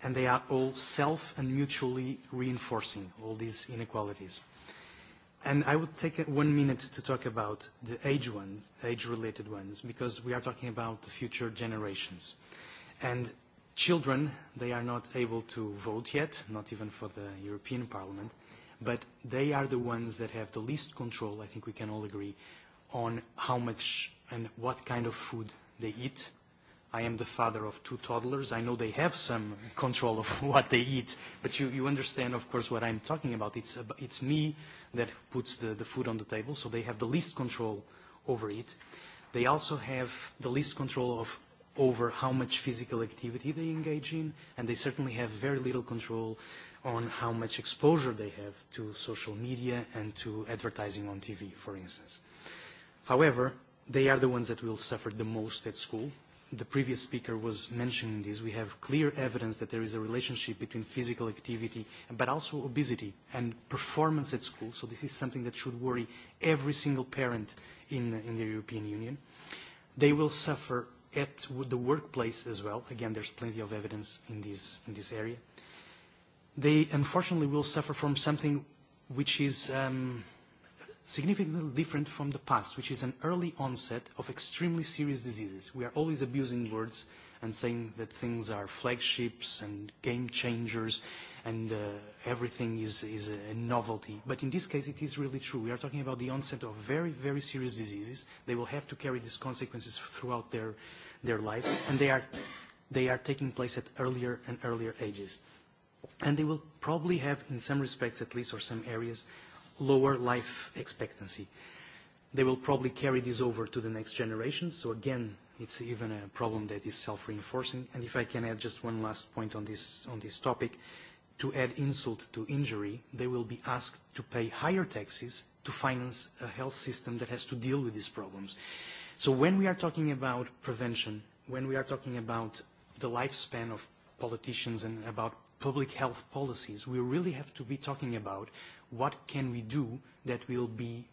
and they are all self and mutually reinforcing all these inequalities. And I would take one minute to talk about the age ones, age-related ones, because we are talking about the future generations. And children, they are not able to vote yet, not even for the European Parliament, but they are the ones that have the least control, I think we can all agree, on how much and what kind of food they eat I am the father of two toddlers. I know they have some control of what they eat, but you, you understand, of course, what I'm talking about. It's, it's me that puts the, the food on the table, so they have the least control over it. They also have the least control of over how much physical activity they engage in, and they certainly have very little control on how much exposure they have to social media and to advertising on TV, for instance. However, they are the ones that will suffer the most at school the previous speaker was mentioning this, we have clear evidence that there is a relationship between physical activity but also obesity and performance at school. So this is something that should worry every single parent in the European Union. They will suffer at the workplace as well. Again, there's plenty of evidence in this area. They unfortunately will suffer from something which is significantly different from the past, which is an early onset of extremely serious diseases. We are always abusing words and saying that things are flagships and game changers and everything is, is a novelty. But in this case, it is really true. We are talking about the onset of very, very serious diseases. They will have to carry these consequences throughout their, their lives, and they are, they are taking place at earlier and earlier ages. And they will probably have, in some respects at least, or some areas, lower life expectancy. They will probably carry this over to the next generation, so again, it's even a problem that is self-reinforcing. And if I can add just one last point on this, on this topic, to add insult to injury, they will be asked to pay higher taxes to finance a health system that has to deal with these problems. So when we are talking about prevention, when we are talking about the lifespan of politicians and about public health policies, we really have to be talking about what can we do that will be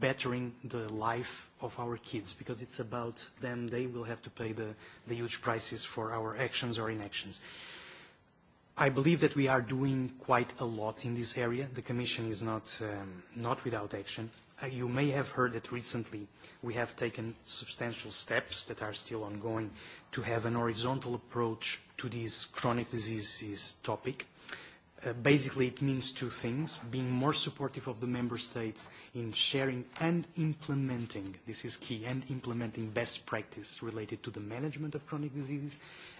bettering the life of our kids because it's about them they will have to pay the the huge prices for our actions or inactions i believe that we are doing quite a lot in this area the commission is not not without action you may have heard that recently we have taken substantial steps that are still ongoing to have an horizontal approach to this chronic diseases topic Basically, it means two things, being more supportive of the member states in sharing and implementing, this is key, and implementing best practice related to the management of chronic diseases,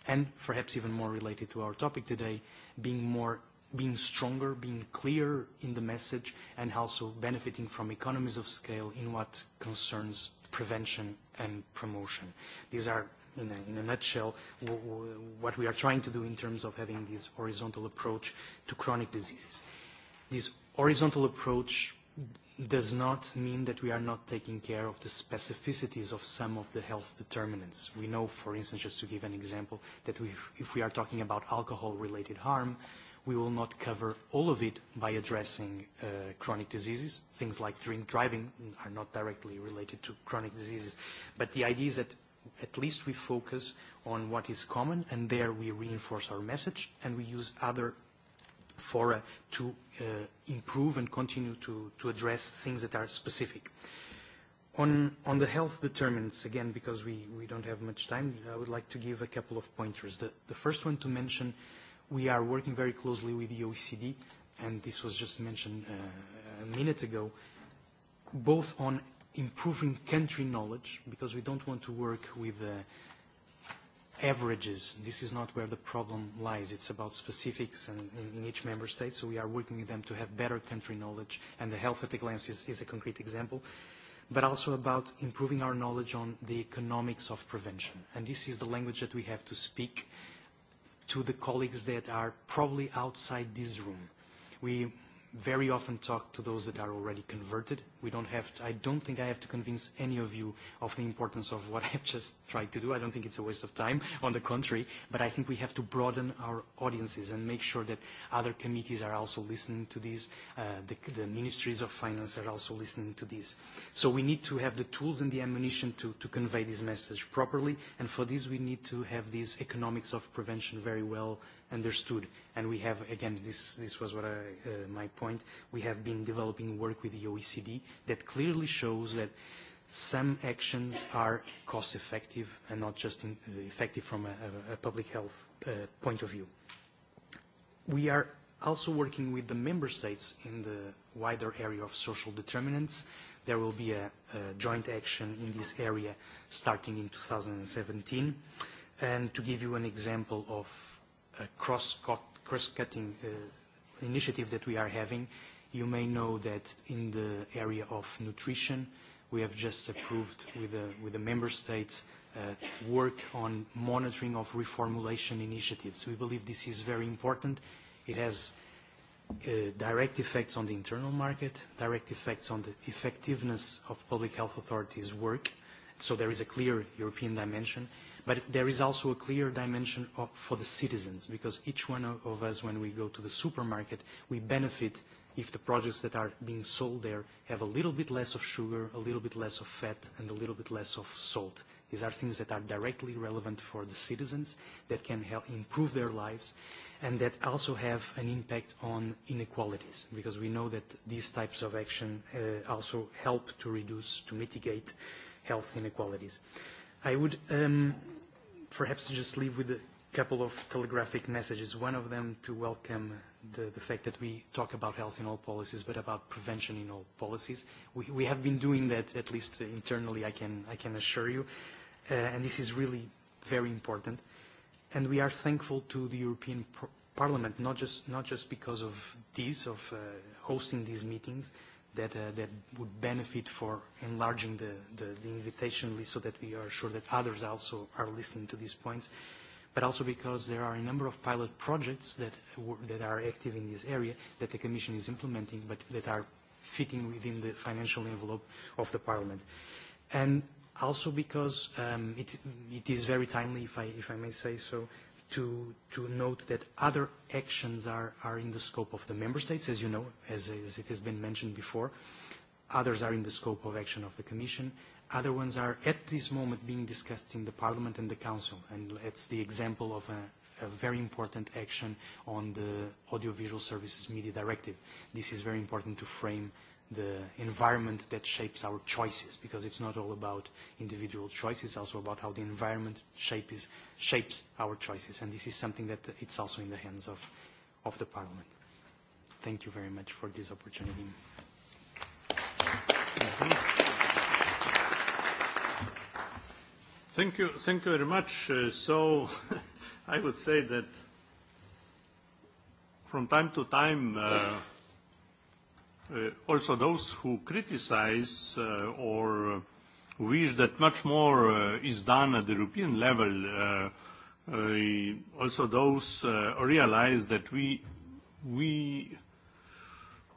and perhaps even more related to our topic today, being more, being stronger, being clear in the message, and also benefiting from economies of scale in what concerns prevention and promotion. These are in a nutshell, what we are trying to do in terms of having this horizontal approach to chronic diseases. This horizontal approach does not mean that we are not taking care of the specificities of some of the health determinants. We know, for instance, just to give an example, that if we are talking about alcohol-related harm, we will not cover all of it by addressing chronic diseases. Things like drink driving are not directly related to chronic diseases. But the idea is that at least we focus on what is common, and there we reinforce our message, and we use other fora to improve and continue to address things that are specific. On the health determinants, again, because we don't have much time, I would like to give a couple of pointers. The first one to mention, we are working very closely with the OECD, and this was just mentioned a minute ago, both on improving country knowledge, because we don't want to work with averages. This is not where the problem lies. It's about specifics in each member state, so we are working with them to have better country knowledge, and the health at a glance is a concrete example, but also about improving our knowledge on the economics of prevention. And this is the language that we have to speak to the colleagues that are probably outside this room. We very often talk to those that are already converted. We don't have I don't think I have to convince any of you of the importance of what I've just tried to do. I don't think it's a waste of time, on the contrary, but I think we have to broaden our audiences and make sure that other committees are also listening to these, the ministries of finance are also listening to these. So we need to have the tools and the ammunition to convey this message properly, and for this we need to have these economics of prevention very well understood. And we have, again, this, was my point, we have been developing work with the OECD that clearly shows that some actions are cost-effective and not just effective from a public health point of view. We are also working with the member states in the wider area of social determinants. There will be a joint action in this area starting in 2017. And to give you an example of cross-cutting initiative that we are having. You may know that in the area of nutrition, we have just approved with the member states work on monitoring of reformulation initiatives. We believe this is very important. It has direct effects on the internal market, direct effects on the effectiveness of public health authorities' work. So there is a clear European dimension. But there is also a clear dimension for the citizens, because each one of us, when we go to the supermarket, we benefit if the products that are being sold there have a little bit less of sugar, a little bit less of fat, and a little bit less of salt. These are things that are directly relevant for the citizens, that can help improve their lives, and that also have an impact on inequalities, because we know that these types of action also help to reduce, to mitigate health inequalities. I would perhaps just leave with a couple of telegraphic messages. One of them to welcome the fact that we talk about health in all policies, but about prevention in all policies. We have been doing that, at least internally, I can assure you. And this is really very important. And we are thankful to the European Parliament, not just because of this, of hosting these meetings, that would benefit for enlarging the the invitation list so that we are sure that others also are listening to these points, but also because there are a number of pilot projects that that are active in this area that the Commission is implementing, but that are fitting within the financial envelope of the Parliament. And also because it it is very timely, if I if I may say so, to note that other actions are are in the scope of the member states as you know as it has been mentioned before others are in the scope of action of the commission other ones are at this moment being discussed in the parliament and the council and it's the example of a very important action on the audiovisual services media directive this is very important to frame the environment that shapes our choices, because it's not all about individual choices, it's also about how the environment shapes our choices. And this is something that it's also in the hands of of the Parliament. Thank you very much for this opportunity. Thank you, thank you very much. So, I would say that from time to time also those who criticize or wish that much more is done at the European level, also those realize that we we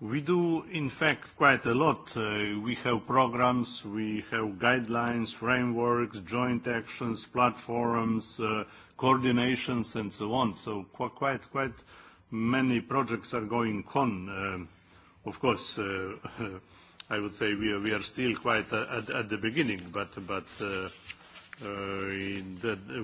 we do in fact quite a lot. We have programs, we have guidelines, frameworks, joint actions, platforms, coordinations and so on. So quite quite many projects are going on Of course, I would say we are still quite at the beginning, but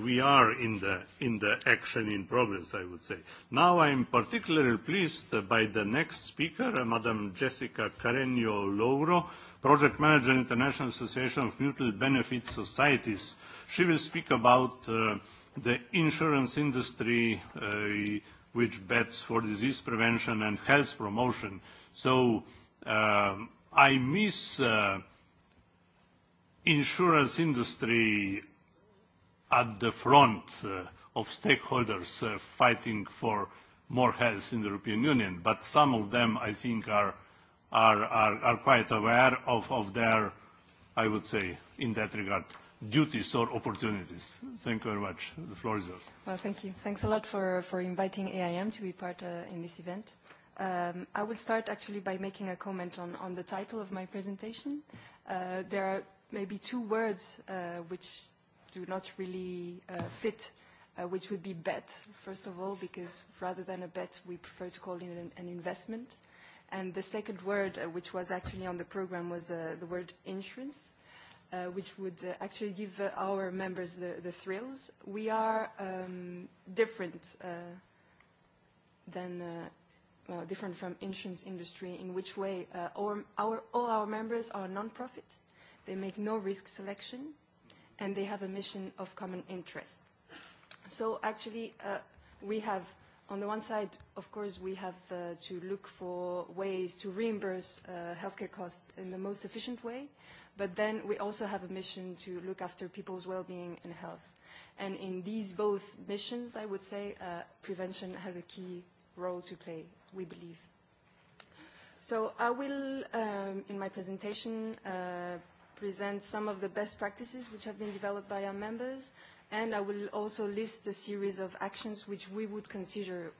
we are in the action in progress, I would say. Now I am particularly pleased by the next speaker, Madam Jessica Carreño Louro, Project Manager, International Association of Mutual Benefit Societies. She will speak about the insurance industry which bets for disease prevention and health promotion So I miss insurance industry at the front of stakeholders fighting for more health in the European Union, but some of them, I think, are are quite aware of their, I would say, in that regard, duties or opportunities. Thank you very much. The floor is yours. Well, thank you. Thanks a lot for inviting AIM to be part in this event. I will start actually by making a comment on the title of my presentation. There are maybe two words which do not really fit, which would be bet, first of all, because rather than a bet, we prefer to call it an investment. And the second word, which was actually on the program, was the word insurance, which would actually give our members the thrills. We are different than different from insurance industry, in which way all our members are non-profit, they make no risk selection, and they have a mission of common interest. So actually, we have, on the one side, of course, we have to look for ways to reimburse healthcare costs in the most efficient way, but then we also have a mission to look after people's well-being and health. And in these both missions, I would say, prevention has a key role to play we believe. So I will, in my presentation, present some of the best practices which have been developed by our members, and I will also list a series of actions which we would consider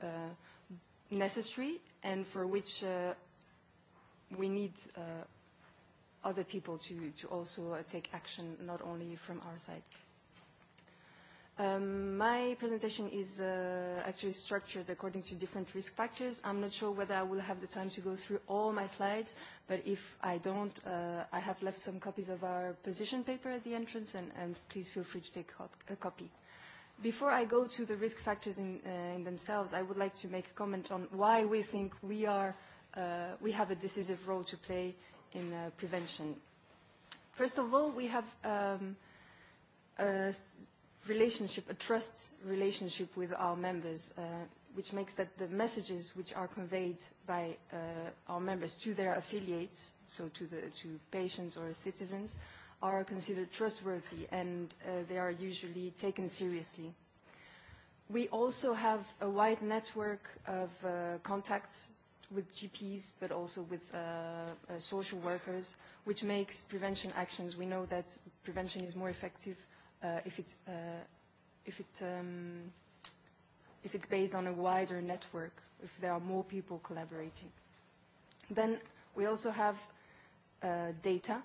necessary and for which we need other people to also take action, not only from our side. My presentation is actually structured according to different risk factors. I'm not sure whether I will have the time to go through all my slides, but if I don't, I have left some copies of our position paper at the entrance, and please feel free to take a copy. Before I go to the risk factors in themselves, I would like to make a comment on why we think we are we have a decisive role to play in prevention. First of all, we have relationship, a trust relationship with our members, which makes that the messages which are conveyed by our members to their affiliates, so to the to patients or citizens, are considered trustworthy and they are usually taken seriously. We also have a wide network of contacts with GPs, but also with social workers, which makes prevention actions. We know that prevention is more effective if it's based on a wider network, if there are more people collaborating. Then we also have data,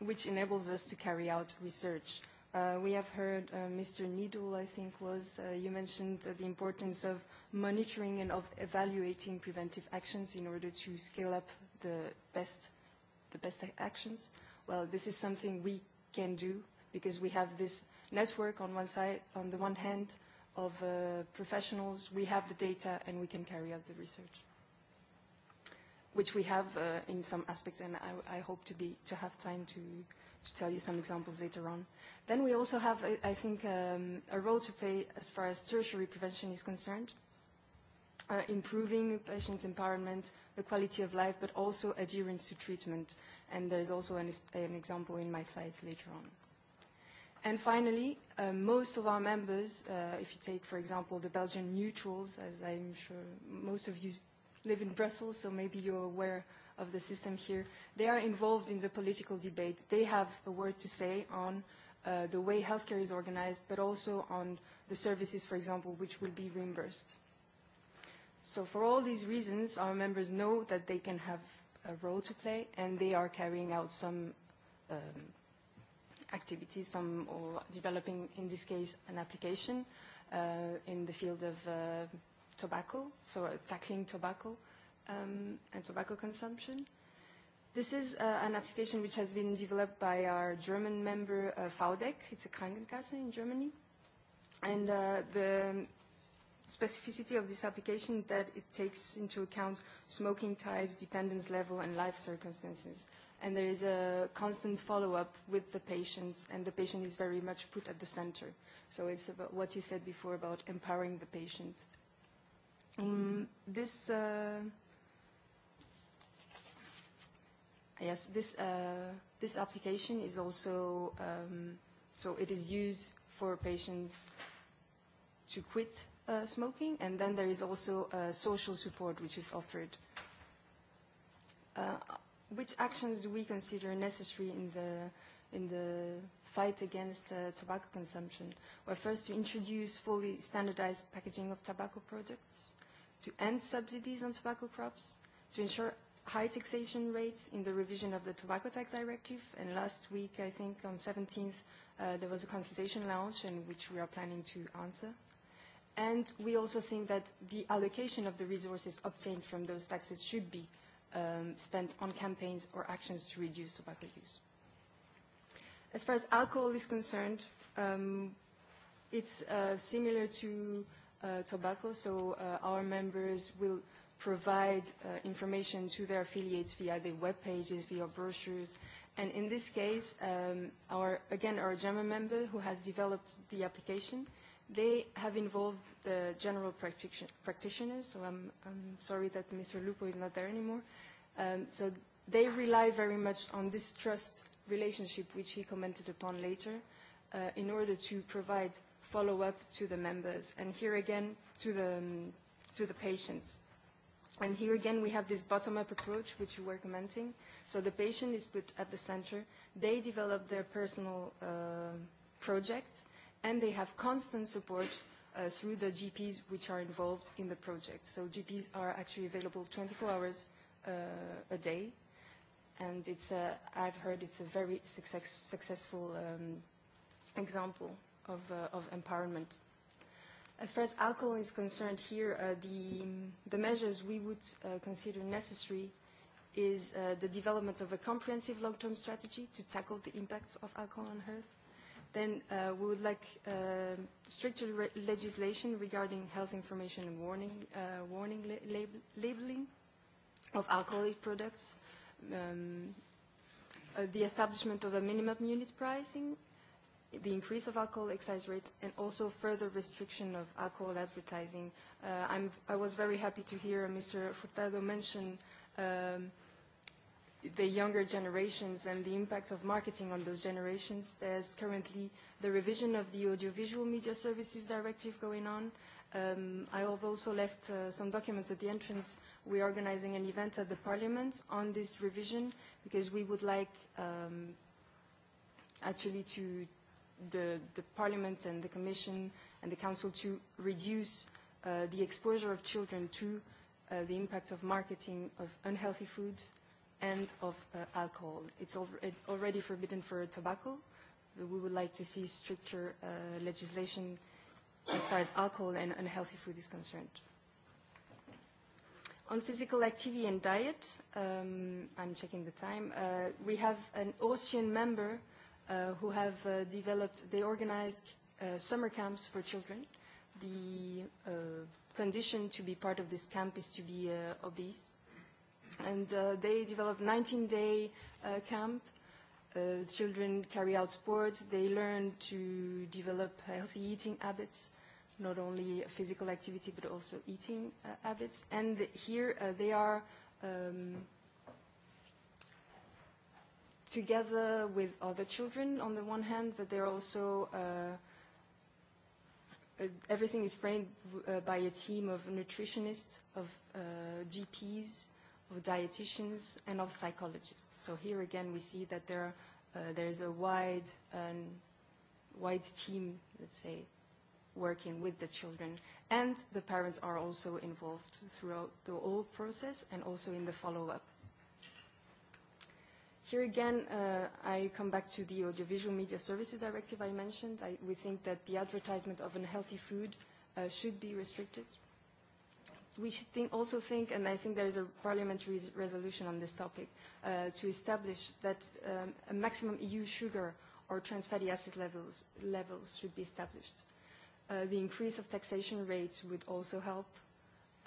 which enables us to carry out research. We have heard Mr. Needle, I think, was you mentioned the importance of monitoring and of evaluating preventive actions in order to scale up the best the best actions. Well, this is something we can do because we have this network on one side, on the one hand, of professionals, we have the data and we can carry out the research, which we have in some aspects, and I hope to be to have time to to tell you some examples later on. Then we also have, I think, a role to play as far as tertiary prevention is concerned, improving patients' empowerment, the quality of life, but also adherence to treatment. And there is also an example in my slides later on. And finally, most of our members, if you take, for example, the Belgian neutrals, as I'm sure most of you live in Brussels, so maybe you're aware of the system here, they are involved in the political debate. They have a word to say on the way healthcare is organized, but also on the services, for example, which will be reimbursed. So for all these reasons, our members know that they can have a role to play, and they are carrying out some activities, some or developing, in this case, an application in the field of tobacco, so tackling tobacco and tobacco consumption. This is an application which has been developed by our German member, VDEC. It's a Krankenkasse in Germany. And the specificity of this application that it takes into account smoking types, dependence level, and life circumstances. And there is a constant follow-up with the patient, and the patient is very much put at the center. So it's about what you said before about empowering the patient. This, yes, this this application is also, so it is used for patients to quit smoking, and then there is also social support which is offered. Which actions do we consider necessary in the in the fight against tobacco consumption? Well, first to introduce fully standardized packaging of tobacco products, to end subsidies on tobacco crops, to ensure high taxation rates in the revision of the tobacco tax directive. And last week, I think on 17th, there was a consultation launch in which we are planning to answer. And we also think that the allocation of the resources obtained from those taxes should be spent on campaigns or actions to reduce tobacco use. As far as alcohol is concerned, it's similar to tobacco, so our members will provide information to their affiliates via their web pages, via brochures. And in this case, our again, our German member who has developed the application They have involved the general practitioners, so I'm sorry that Mr. Lupo is not there anymore. So they rely very much on this trust relationship, which he commented upon later, in order to provide follow-up to the members, and here again to the to the patients. And here again we have this bottom-up approach, which you were commenting. So the patient is put at the center. They develop their personal project and they have constant support through the GPs which are involved in the project. So GPs are actually available 24 hours a day, and it's a, I've heard it's a very successful example of of empowerment. As far as alcohol is concerned, here the the measures we would consider necessary is the development of a comprehensive long-term strategy to tackle the impacts of alcohol on health Then we would like stricter legislation regarding health information and warning warning labeling of alcoholic products, the establishment of a minimum unit pricing, the increase of alcohol excise rates, and also further restriction of alcohol advertising. I was very happy to hear Mr. Furtado mention the younger generations and the impact of marketing on those generations. There's currently the revision of the Audiovisual Media Services Directive going on. I have also left some documents at the entrance. We're organizing an event at the Parliament on this revision because we would like actually to the Parliament and the Commission and the Council to reduce the exposure of children to the impact of marketing of unhealthy foods and of alcohol. It's already forbidden for tobacco. We would like to see stricter legislation as far as alcohol and unhealthy food is concerned. On physical activity and diet, I'm checking the time, we have an Austrian member who have developed, they organized summer camps for children. The condition to be part of this camp is to be obese And they develop 19-day camp. Children carry out sports. They learn to develop healthy eating habits, not only physical activity but also eating habits. And here they are together with other children on the one hand, but they're also everything is framed by a team of nutritionists, of GPs of dietitians, and of psychologists. So here again we see that there is a wide wide team, let's say, working with the children. And the parents are also involved throughout the whole process and also in the follow-up. Here again, I come back to the Audiovisual Media Services Directive I mentioned. We think that the advertisement of unhealthy food should be restricted we should think, also think, and I think there is a parliamentary resolution on this topic, to establish that a maximum EU sugar or trans fatty acid levels, levels should be established. the increase of taxation rates would also help.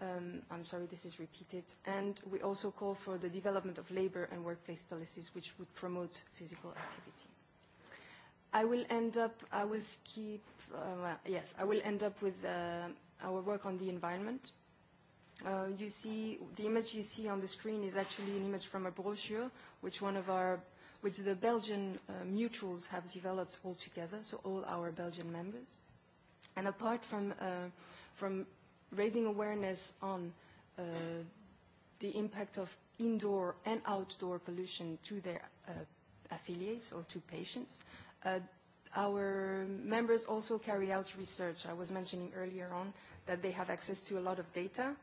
Um, I'm sorry, this is repeated. And we also call for the development of labor and workplace policies which would promote physical activity. I will end up, I will keep, yes, I will end up with our work on the environment You see, the image you see on the screen is actually an image from a brochure, which one of our, which the Belgian mutuals have developed all together, so all our Belgian members. And apart from from raising awareness on the impact of indoor and outdoor pollution to their affiliates or to patients, our members also carry out research. I was mentioning earlier on that they have access to a lot of data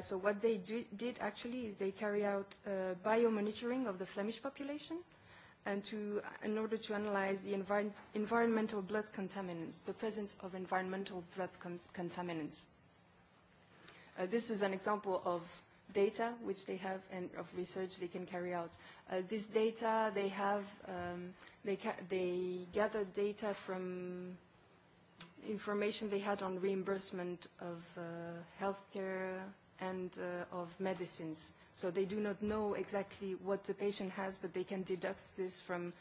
So what they did actually is they carry out biomonitoring of the Flemish population and to in order to analyze the environmental blood contaminants, the presence of environmental blood contaminants. This is an example of data which they have and of research they can carry out. This data they have they gathered data from information they had on reimbursement of healthcare and of medicines. So they do not know exactly what the patient has, but they can deduct this from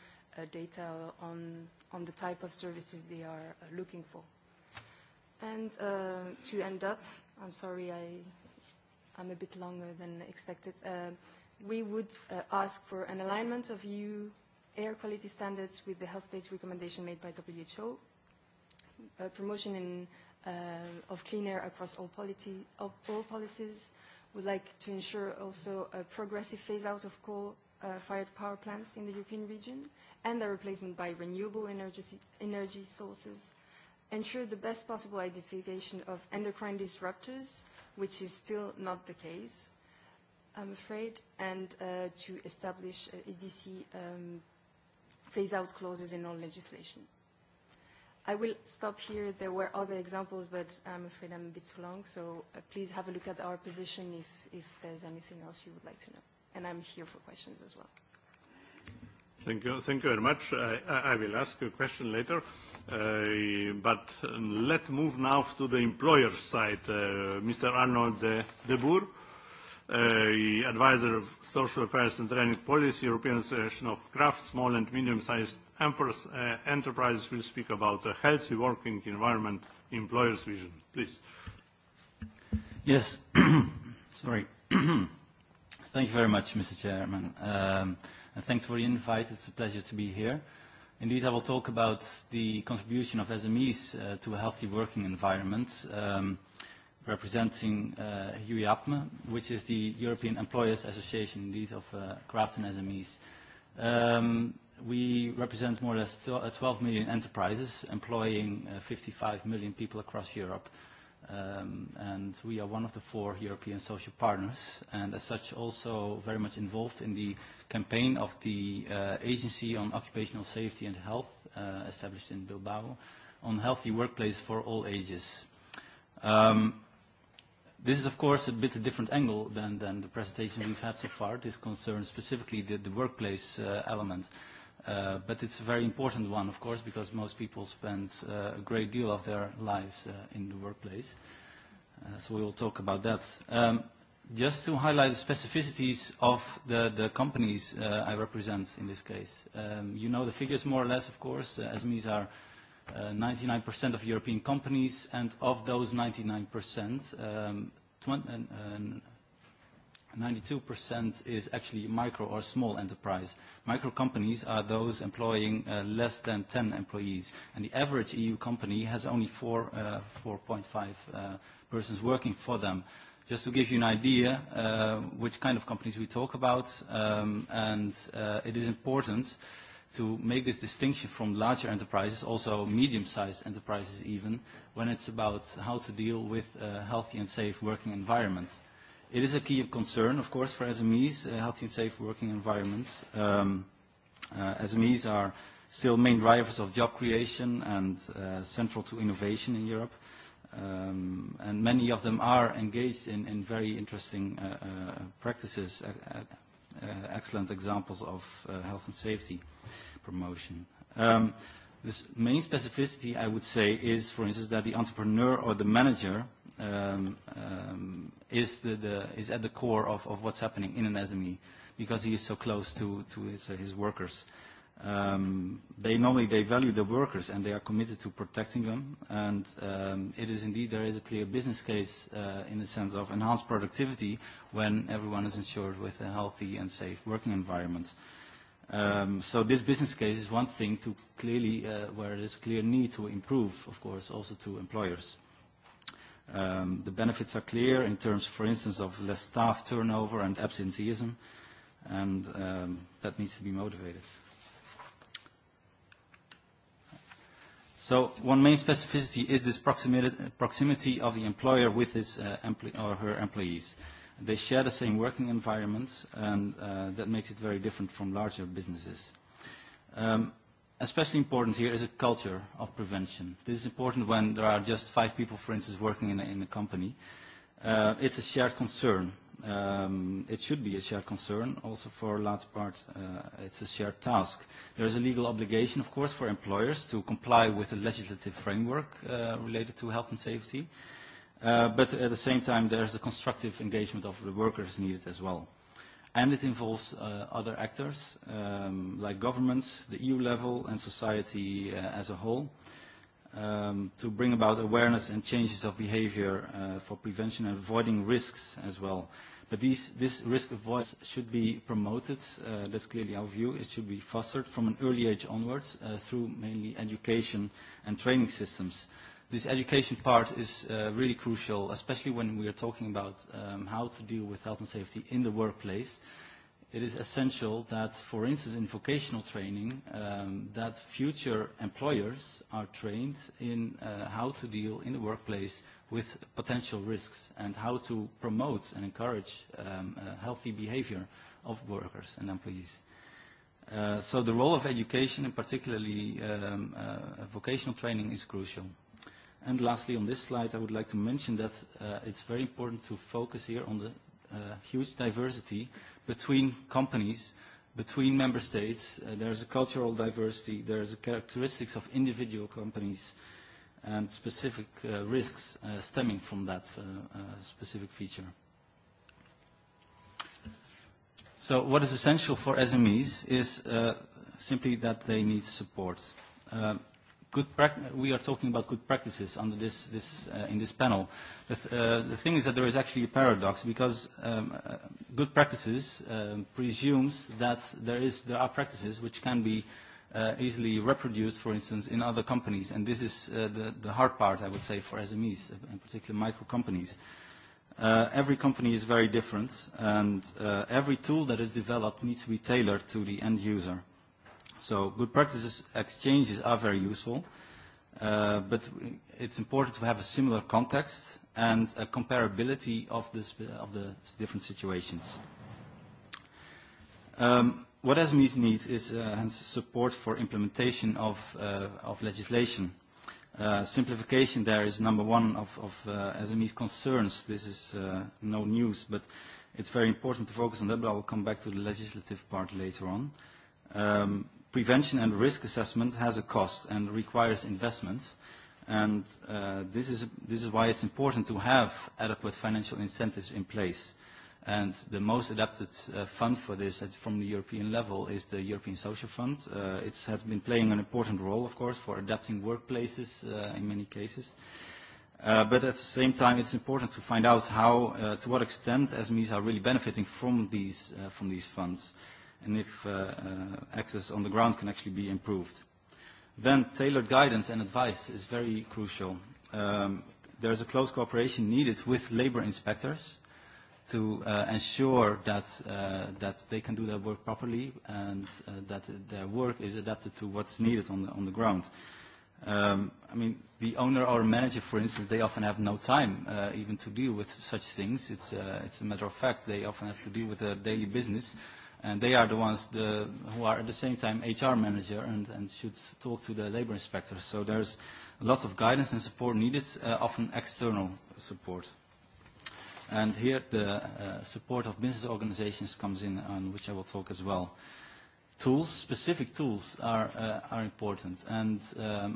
data on on the type of services they are looking for. And to end up, I'm sorry, I I'm a bit longer than expected. We would ask for an alignment of EU air quality standards with the health-based recommendation made by WHO, promotion in of clean air across all policies. We'd like to ensure also a progressive phase-out of coal-fired power plants in the European region and their replacement by renewable energy sources. Ensure the best possible identification of endocrine disruptors, which is still not the case, I'm afraid, and to establish EDC phase-out clauses in all legislation. I will stop here. There were other examples, but I'm afraid I'm a bit too long. So please have a look at our position if, if there's anything else you would like to know. And I'm here for questions as well. Thank you. Thank you very much. I, I will ask a question later. but let's move now to the employer side. Mr. Arnold de, de Boer The Advisor of Social Affairs and Training Policy, European Association of Craft, Small and Medium-Sized Enterprises will speak about a healthy working environment, employers' vision. Please. Yes. Sorry. Thank you very much, Mr. Chairman. And thanks for the invite. It's a pleasure to be here. Indeed, I will talk about the contribution of SMEs to a healthy working environment representing Huey Apme, which is the European Employers Association, lead of crafts and SMEs. We represent more or less 12 million enterprises, employing 55 million people across Europe. And we are one of the four European social partners, and as such also very much involved in the campaign of the Agency on Occupational Safety and Health, established in Bilbao, on healthy workplace for all ages. Um This is, of course, a bit a different angle than the presentation we've had so far. This concerns specifically the workplace element. But it's a very important one, of course, because most people spend a great deal of their lives in the workplace. So we will talk about that. Just to highlight the specificities of the companies I represent in this case. You know the figures more or less, of course. SMEs are 99% of European companies, and of those 99%, 92% is actually micro or small enterprise. Micro companies are those employing less than 10 employees, and the average EU company has only 4.5 persons working for them. Just to give you an idea which kind of companies we talk about, and it is important to make this distinction from larger enterprises, also medium-sized enterprises even, when it's about how to deal with healthy and safe working environments. It is a key concern, of course, for SMEs, healthy and safe working environments. SMEs are still main drivers of job creation and central to innovation in Europe. And many of them are engaged in very interesting practices, excellent examples of health and safety promotion. The main specificity, I would say, is, for instance, that the entrepreneur or the manager is at the core of what's happening in an SME because he is so close to his workers. They normally they value the workers and they are committed to protecting them. And it is indeed there is a clear business case in the sense of enhanced productivity when everyone is insured with a healthy and safe working environment. So this business case is one thing to clearly where there is clear need to improve, of course, also to employers. The benefits are clear in terms, for instance, of less staff turnover and absenteeism, and that needs to be motivated. So one main specificity is this proximity of the employer with his or her employees. They share the same working environments, and that makes it very different from larger businesses. Especially important here is a culture of prevention. This is important when there are just five people, for instance, working in a company. It's a shared concern. It should be a shared concern. Also, for a large part, it's a shared task. There is a legal obligation, of course, for employers to comply with the legislative framework related to health and safety. But at the same time, there is a constructive engagement of the workers needed as well. And it involves other actors, like governments, the EU level, and society as a whole to bring about awareness and changes of behavior for prevention and avoiding risks as well. But this risk avoidance should be promoted. That's clearly our view. It should be fostered from an early age onwards through mainly education and training systems. This education part is really crucial, especially when we are talking about how to deal with health and safety in the workplace it is essential that, for instance, in vocational training, that future employers are trained in how to deal in the workplace with potential risks and how to promote and encourage healthy behavior of workers and employees. So the role of education, and particularly vocational training, is crucial. And lastly, on this slide, I would like to mention that it's very important to focus here on the huge diversity between companies, between member states. There is a cultural diversity. There is a characteristics of individual companies and specific risks stemming from that specific feature. So what is essential for SMEs is simply that they need support good we are talking about good practices under this this in this panel the thing is that there is actually a paradox because good practices presumes that there is there are practices which can be easily reproduced for instance in other companies and this is the the hard part i would say for smes in particular micro companies every company is very different and every tool that is developed needs to be tailored to the end user So good practices exchanges are very useful, but it's important to have a similar context and a comparability of the different situations. What SMEs need is hence support for implementation of legislation. Simplification there is number one of SMEs' concerns. This is no news, but it's very important to focus on that, but I will come back to the legislative part later on prevention and risk assessment has a cost and requires investment. And this is why it's important to have adequate financial incentives in place. And the most adapted fund for this from the European level is the European Social Fund. It has been playing an important role, of course, for adapting workplaces in many cases. But at the same time, it's important to find out how, to what extent SMEs are really benefiting from these funds and if access on the ground can actually be improved. Then tailored guidance and advice is very crucial. Um There is a close cooperation needed with labor inspectors to ensure that that they can do their work properly and that their work is adapted to what's needed on the on the ground. Um I mean, the owner or manager, for instance, they often have no time even to deal with such things. It's a matter of fact. They often have to deal with their daily business and they are the ones who are at the same time HR manager and should talk to the labor inspector. So there's lots of guidance and support needed, often external support. And here the support of business organizations comes in, on which I will talk as well tools, specific tools, are are important. And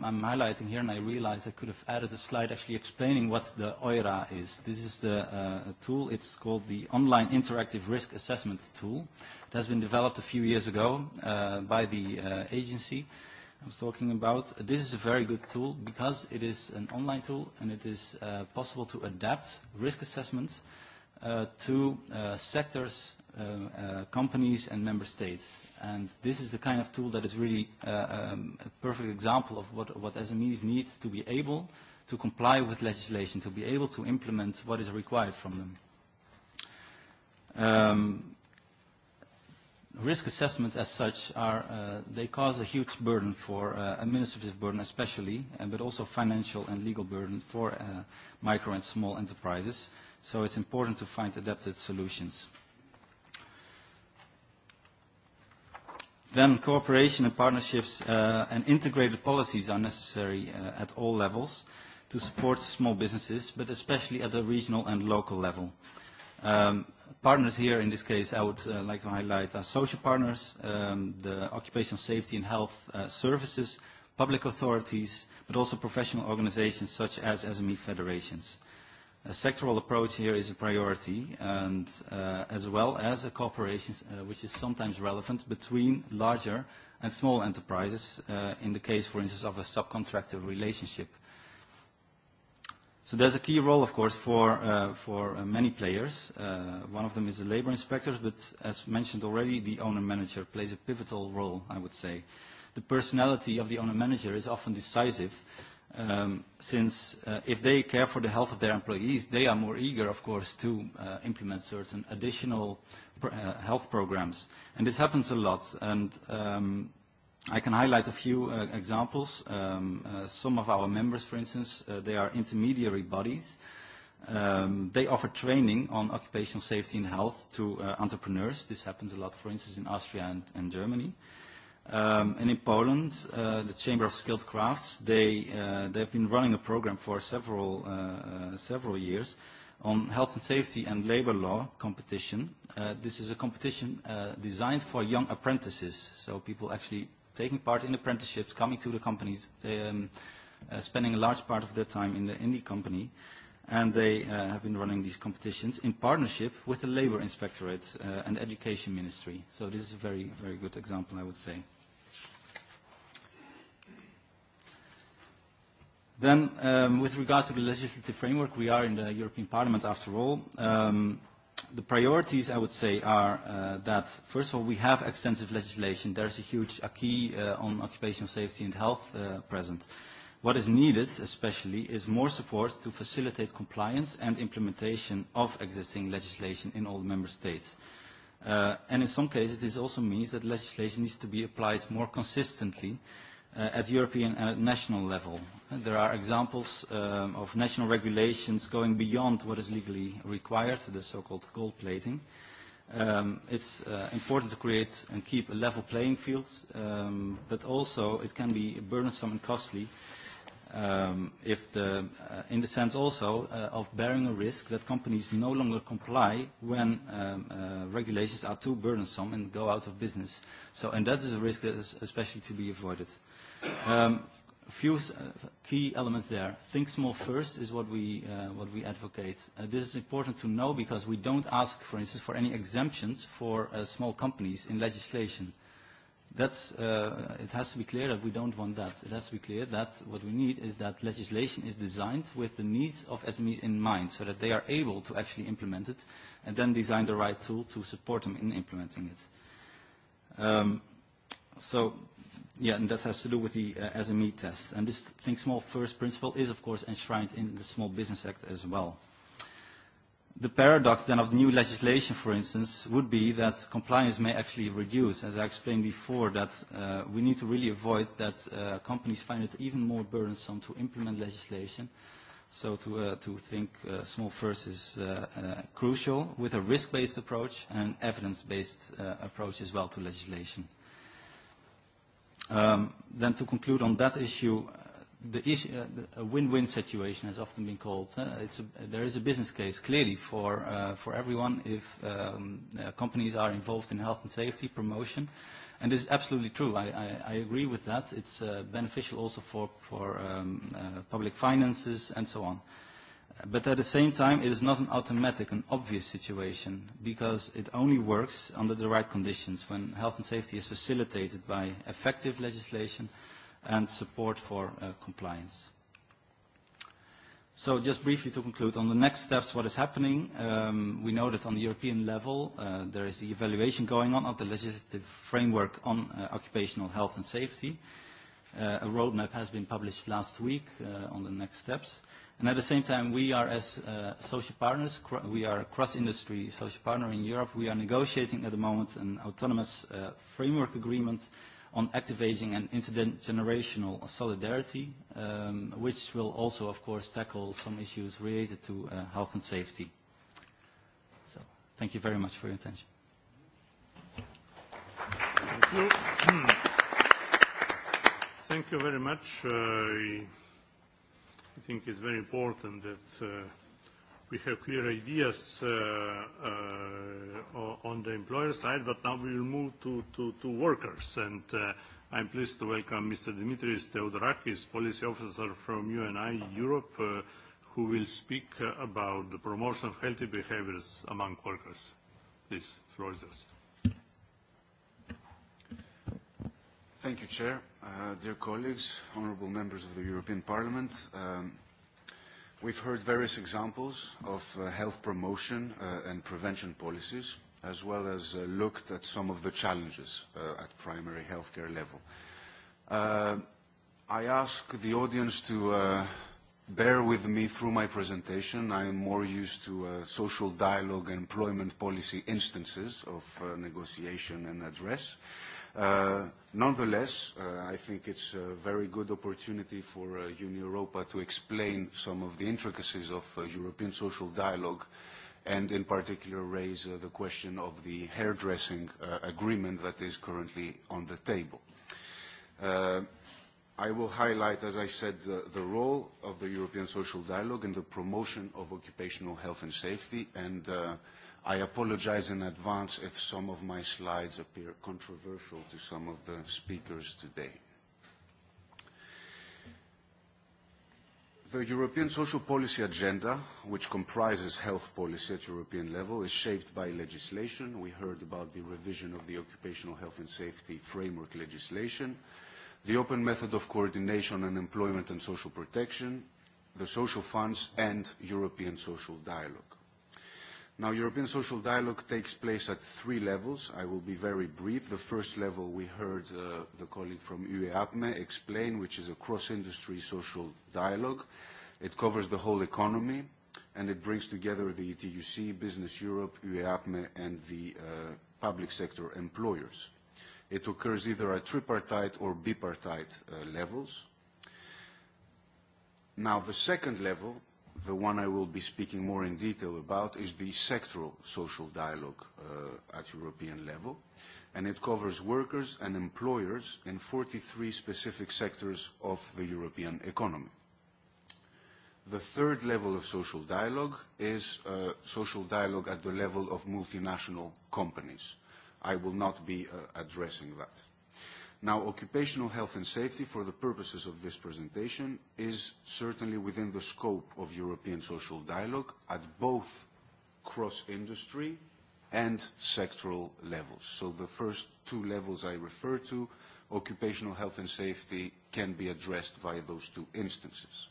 I'm highlighting here, and I realize I could have added a slide actually explaining what the OIRA is. This is the tool. It's called the Online Interactive Risk Assessment Tool. It has been developed a few years ago by the agency I was talking about. This is a very good tool because it is an online tool and it is possible to adapt risk assessments to sectors companies and member states. And this is the kind of tool that is really a perfect example of what SMEs need to be able to comply with legislation, to be able to implement what is required from them. Risk assessments as such are, they cause a huge burden for, administrative burden especially, but also financial and legal burden for micro and small enterprises. So it's important to find adapted solutions. then cooperation and partnerships and integrated policies are necessary at all levels to support small businesses, but especially at the regional and local level. Partners here, in this case, I would like to highlight are social partners, the occupational safety and health services, public authorities, but also professional organizations such as SME federations. A sectoral approach here is a priority, and as well as a cooperation, which is sometimes relevant, between larger and small enterprises, in the case, for instance, of a subcontractor relationship. So there's a key role, of course, for many players. One of them is the labor inspectors, but as mentioned already, the owner-manager plays a pivotal role, I would say. The personality of the owner-manager is often decisive since if they care for the health of their employees, they are more eager, of course, to implement certain additional health programs. And this happens a lot. And I can highlight a few examples. Some of our members, for instance, they are intermediary bodies. They offer training on occupational safety and health to entrepreneurs. This happens a lot, for instance, in Austria and Germany. And in Poland, the Chamber of Skilled Crafts, they have been running a program for several several years on health and safety and labor law competition. This is a competition designed for young apprentices, so people actually taking part in apprenticeships, coming to the companies, spending a large part of their time in the company. And they have been running these competitions in partnership with the Labour Inspectorate and Education Ministry. So this is a very, very good example, I would say. Then, with regard to the legislative framework, we are in the European Parliament after all. The priorities, I would say, are that, first of all, we have extensive legislation. There's a huge acquis on occupational safety and health present. What is needed, especially, is more support to facilitate compliance and implementation of existing legislation in all member states. And in some cases, this also means that legislation needs to be applied more consistently at European and national level. There are examples of national regulations going beyond what is legally required, the so-called gold plating. It's important to create and keep a level playing field, but also it can be burdensome and costly if in the sense also of bearing a risk that companies no longer comply when regulations are too burdensome and go out of business. So and that is a risk that is especially to be avoided. Few key elements there. Think small first is what we what we advocate. This is important to know because we don't ask, for instance, for any exemptions for small companies in legislation it has to be clear that we don't want that. It has to be clear that what we need is that legislation is designed with the needs of SMEs in mind so that they are able to actually implement it and then design the right tool to support them in implementing it. So, yeah, and that has to do with the SME test. And this Think Small First principle is, of course, enshrined in the Small Business Act as well. The paradox then of the new legislation, for instance, would be that compliance may actually reduce. As I explained before, that we need to really avoid that companies find it even more burdensome to implement legislation. So to think small first is crucial with a risk-based approach and an evidence-based approach as well to legislation. Then to conclude on that issue, a win-win situation has often been called. There is a business case clearly for everyone if companies are involved in health and safety promotion, and this is absolutely true. I agree with that. It's beneficial also for public finances and so on. But at the same time, it is not an automatic and obvious situation because it only works under the right conditions when health and safety is facilitated by effective legislation and support for compliance. So just briefly to conclude, on the next steps, what is happening, we know that on the European level, there is the evaluation going on of the legislative framework on occupational health and safety. A roadmap has been published last week on the next steps. And at the same time, we are as social partners, we are a cross-industry social partner in Europe. We are negotiating at the moment an autonomous framework agreement on activating an generational solidarity, which will also, of course, tackle some issues related to health and safety. So, thank you very much for your attention. Thank you. Thank you very much. I think it's very important that we have clear ideas on the employer side, but now we will move to workers. And I'm pleased to welcome Mr. Dimitris Theodorakis, Policy Officer from UNI Europe, who will speak about the promotion of healthy behaviors among workers. Please, the floor is yours. Thank you, Chair. Dear colleagues, honorable members of the European Parliament, We've heard various examples of health promotion and prevention policies, as well as looked at some of the challenges at primary healthcare level. I ask the audience to bear with me through my presentation. I am more used to social dialogue and employment policy instances of negotiation and address. Nonetheless, I think it's a very good opportunity for Union Europa to explain some of the intricacies of European social dialogue and in particular raise the question of the hairdressing agreement that is currently on the table. I will highlight, as I said, the role of the European social dialogue in the promotion of occupational health and safety and I apologize in advance if some of my slides appear controversial to some of the speakers today. The European Social Policy Agenda, which comprises health policy at European level, is shaped by legislation. We heard about the revision of the Occupational Health and Safety Framework legislation, the open method of coordination on employment and social protection, the social funds, and European social dialogue. Now, European social dialogue takes place at three levels. I will be very brief. The first level we heard the colleague from UEAPME explain, which is a cross-industry social dialogue. It covers the whole economy, and it brings together the ETUC, Business Europe, UEAPME, and the public sector employers. It occurs either at tripartite or bipartite levels. Now, the second level The one I will be speaking more in detail about is the sectoral social dialogue at European level, and it covers workers and employers in 43 specific sectors of the European economy. The third level of social dialogue is social dialogue at the level of multinational companies. I will not be addressing that. Now, occupational health and safety, for the purposes of this presentation, is certainly within the scope of European social dialogue at both cross-industry and sectoral levels. So the first two levels I refer to, occupational health and safety, can be addressed via those two instances.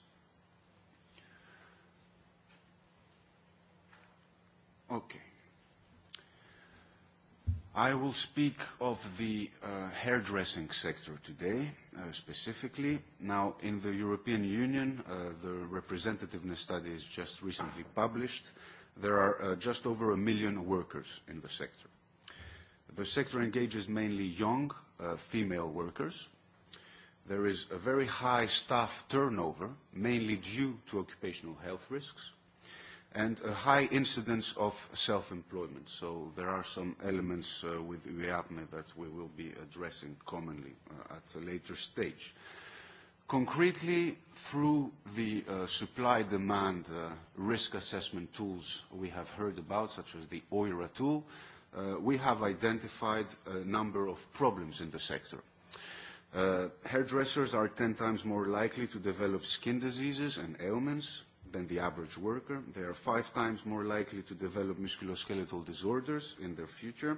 Okay. I will speak of the hairdressing sector today, specifically. Now, in the European Union, the representativeness study is just recently published. There are just over a million workers in the sector. The sector engages mainly young female workers. There is a very high staff turnover, mainly due to occupational health risks and a high incidence of self-employment. So there are some elements with UEAPME that we will be addressing commonly at a later stage. Concretely, through the supply-demand risk assessment tools we have heard about, such as the OIRA tool, we have identified a number of problems in the sector. Hairdressers are 10 times more likely to develop skin diseases and ailments than the average worker. They are five times more likely to develop musculoskeletal disorders in their future.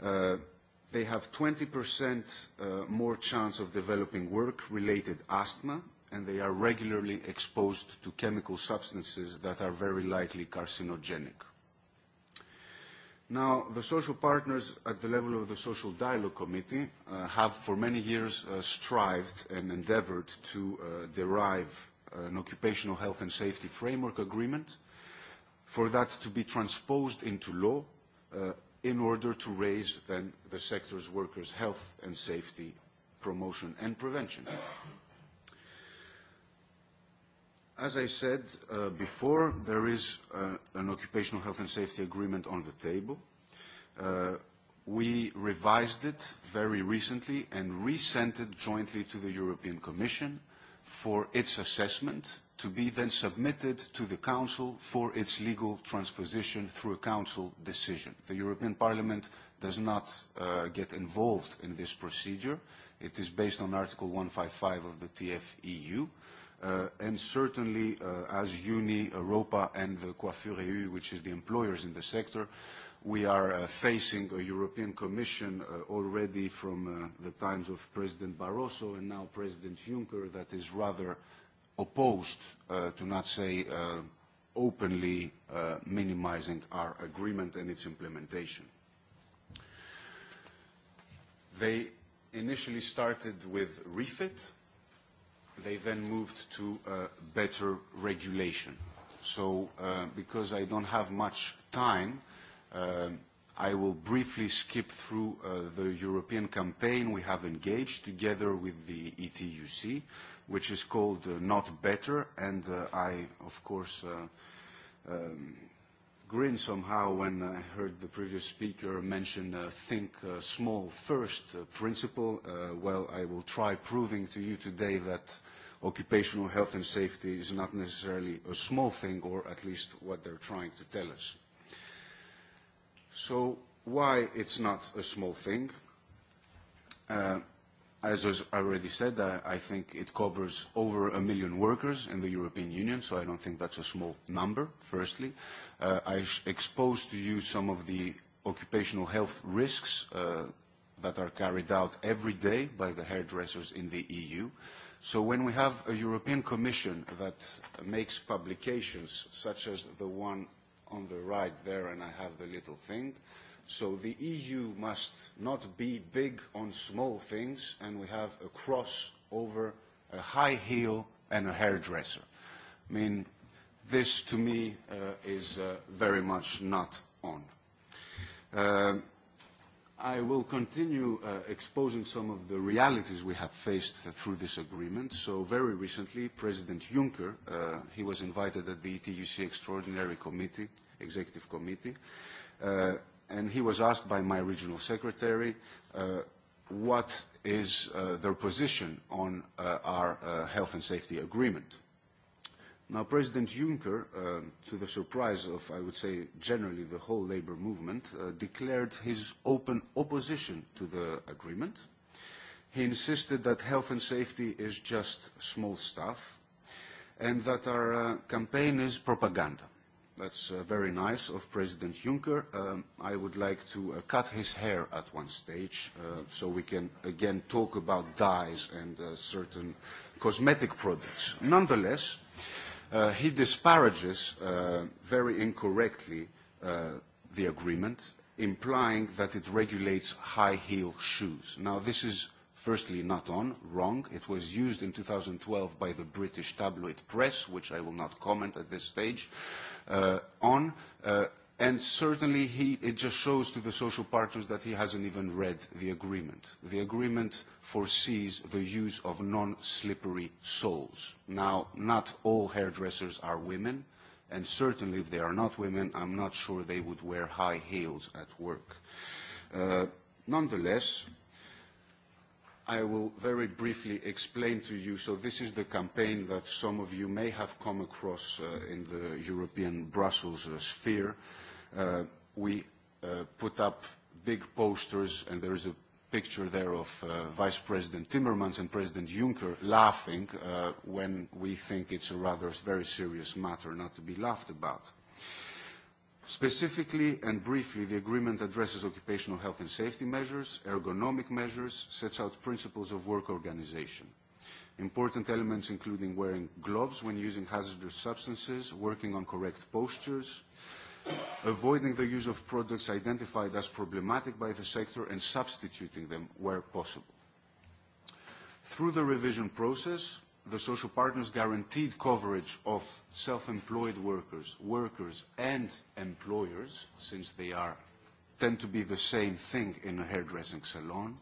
They have 20% more chance of developing work-related asthma, and they are regularly exposed to chemical substances that are very likely carcinogenic. Now, the social partners at the level of the Social Dialogue Committee have for many years strived and endeavored to derive an occupational health and safety framework agreement, for that to be transposed into law in order to raise then the sector's workers' health and safety promotion and prevention. As I said before, there is an occupational health and safety agreement on the table. We revised it very recently and resent it jointly to the European Commission for its assessment to be then submitted to the Council for its legal transposition through a Council decision. The European Parliament does not get involved in this procedure. It is based on Article 155 of the TFEU. And certainly, as UNI, Europa, and the Coiffure EU, which is the employers in the sector, We are facing a European Commission already from the times of President Barroso and now President Juncker that is rather opposed, to not say openly, minimizing our agreement and its implementation. They initially started with refit. They then moved to better regulation. So because I don't have much time, I will briefly skip through the European campaign we have engaged together with the ETUC, which is called Not Better, and I, of course, grinned somehow when I heard the previous speaker mention think small first principle. Well, I will try proving to you today that occupational health and safety is not necessarily a small thing, or at least what they're trying to tell us. So why it's not a small thing? As I already said, I think it covers over a million workers in the European Union, so I don't think that's a small number, firstly. I exposed to you some of the occupational health risks that are carried out every day by the hairdressers in the EU. So when we have a European Commission that makes publications such as the one on the right there, and I have the little thing. So the EU must not be big on small things, and we have a cross over a high heel and a hairdresser. I mean, this to me is very much not on. I will continue exposing some of the realities we have faced through this agreement. So very recently, President Juncker, he was invited at the ETUC Extraordinary Committee, Executive Committee, and he was asked by my regional secretary what is their position on our health and safety agreement. Now, President Juncker, to the surprise of, I would say, generally the whole labor movement, declared his open opposition to the agreement. He insisted that health and safety is just small stuff and that our campaign is propaganda. That's very nice of President Juncker. I would like to cut his hair at one stage so we can again talk about dyes and certain cosmetic products. Nonetheless, he disparages very incorrectly the agreement, implying that it regulates high heel shoes. Now, this is firstly not on, wrong. It was used in 2012 by the British tabloid press, which I will not comment at this stage, on And certainly it just shows to the social partners that he hasn't even read the agreement. The agreement foresees the use of non-slippery soles. Now, not all hairdressers are women, and certainly if they are not women, I'm not sure they would wear high heels at work. Nonetheless, I will very briefly explain to you. So this is the campaign that some of you may have come across in the European Brussels sphere we put up big posters, and there is a picture there of Vice President Timmermans and President Juncker laughing when we think it's a rather very serious matter not to be laughed about. Specifically and briefly, the agreement addresses occupational health and safety measures, ergonomic measures, sets out principles of work organization. Important elements including wearing gloves when using hazardous substances, working on correct postures, avoiding the use of products identified as problematic by the sector and substituting them where possible. Through the revision process, the social partners guaranteed coverage of self-employed workers, workers and employers, since they are tend to be the same thing in a hairdressing salon,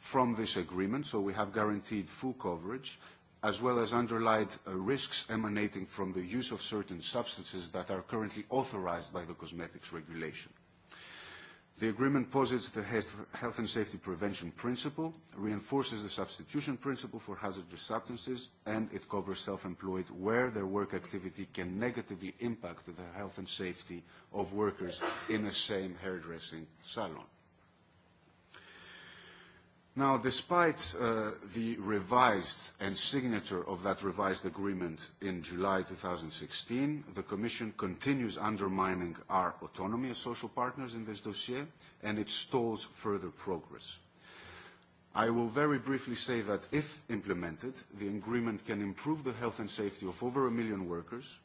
from this agreement, so we have guaranteed full coverage, as well as underlined risks emanating from the use of certain substances that are currently authorized by the cosmetics regulation. The agreement posits the health and safety prevention principle, reinforces the substitution principle for hazardous substances, and it covers self-employed where their work activity can negatively impact the health and safety of workers in the same hairdressing salon. Now, despite the revised and signature of that revised agreement in July 2016, the Commission continues undermining our autonomy as social partners in this dossier, and it stalls further progress. I will very briefly say that if implemented, the agreement can improve the health and safety of over a million workers.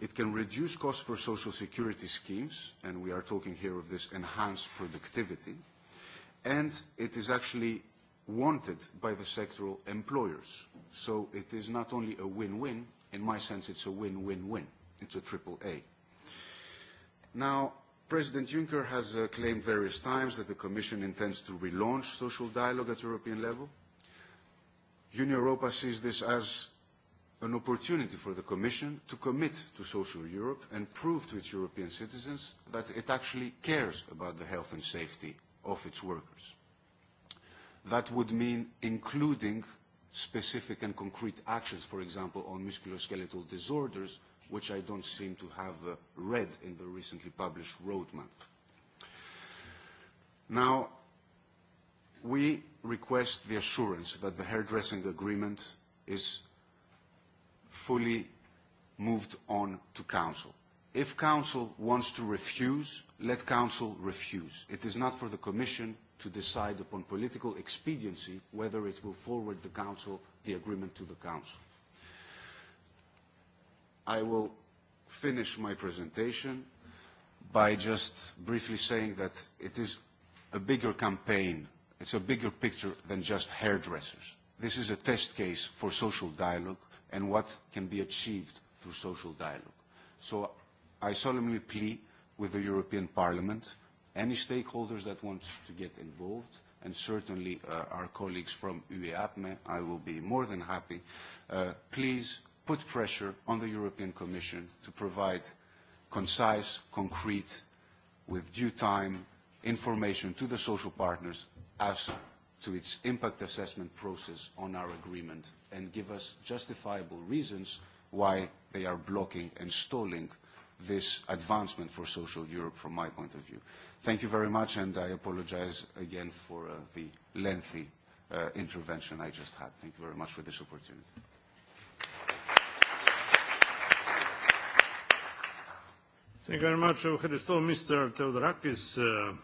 It can reduce costs for social security schemes, and we are talking here of this enhanced productivity and it is actually wanted by the sectoral employers. So it is not only a win-win, in my sense it's a win-win-win. It's a triple A. Now, President Juncker has claimed various times that the Commission intends to relaunch social dialogue at European level. Union Europa sees this as an opportunity for the Commission to commit to social Europe and prove to its European citizens that it actually cares about the health and safety of its workers. That would mean including specific and concrete actions, for example, on musculoskeletal disorders, which I don't seem to have read in the recently published roadmap. Now, we request the assurance that the hairdressing agreement is fully moved on to Council. If Council wants to refuse, let Council refuse. It is not for the Commission to decide upon political expediency whether it will forward the Council the agreement to the Council. I will finish my presentation by just briefly saying that it is a bigger campaign, it's a bigger picture than just hairdressers. This is a test case for social dialogue and what can be achieved through social dialogue. So I solemnly plea with the European Parliament, any stakeholders that want to get involved, and certainly our colleagues from UEAPME, I will be more than happy, please put pressure on the European Commission to provide concise, concrete, with due time, information to the social partners as to its impact assessment process on our agreement and give us justifiable reasons why they are blocking and stalling this advancement for social Europe from my point of view. Thank you very much, and I apologize again for the lengthy intervention I just had. Thank you very much for this opportunity. Thank you very much. Mr. Teodorakis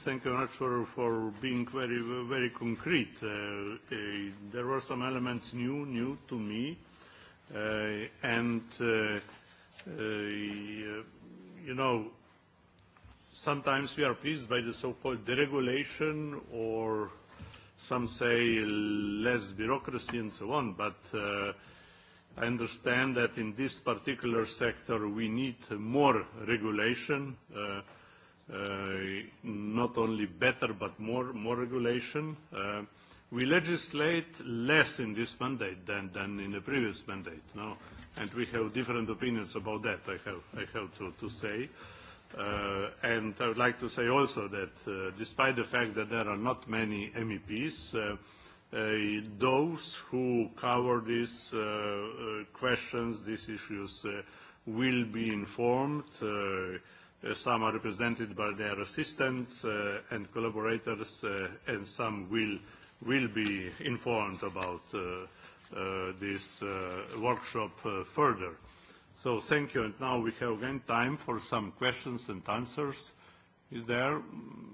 Thank you very much for being very, very concrete. There were some elements new, new to me And, you know, sometimes we are pleased by the so-called deregulation or some say less bureaucracy and so on, but I understand that in this particular sector we need more regulation, not only better but more regulation. We legislate less in this mandate than in the previous mandate, no, and we have different opinions about that. I have to to say, and I would like to say also that despite the fact that there are not many MEPs, those who cover these questions, these issues, will be informed. Some are represented by their assistants and collaborators, and some will will be informed about this workshop further. So thank you. And now we have again time for some questions and answers. Is there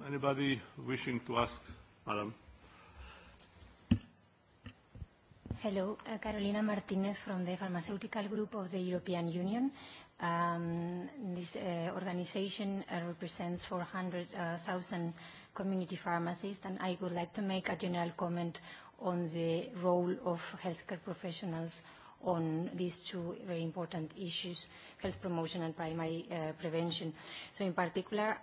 anybody wishing to ask, Madam? Hello, Carolina Martinez from the Pharmaceutical Group of the European Union. This organization represents 400,000 community pharmacists, and I would like to make a general comment on the role of healthcare professionals on these two very important issues, health promotion and primary prevention. So in particular,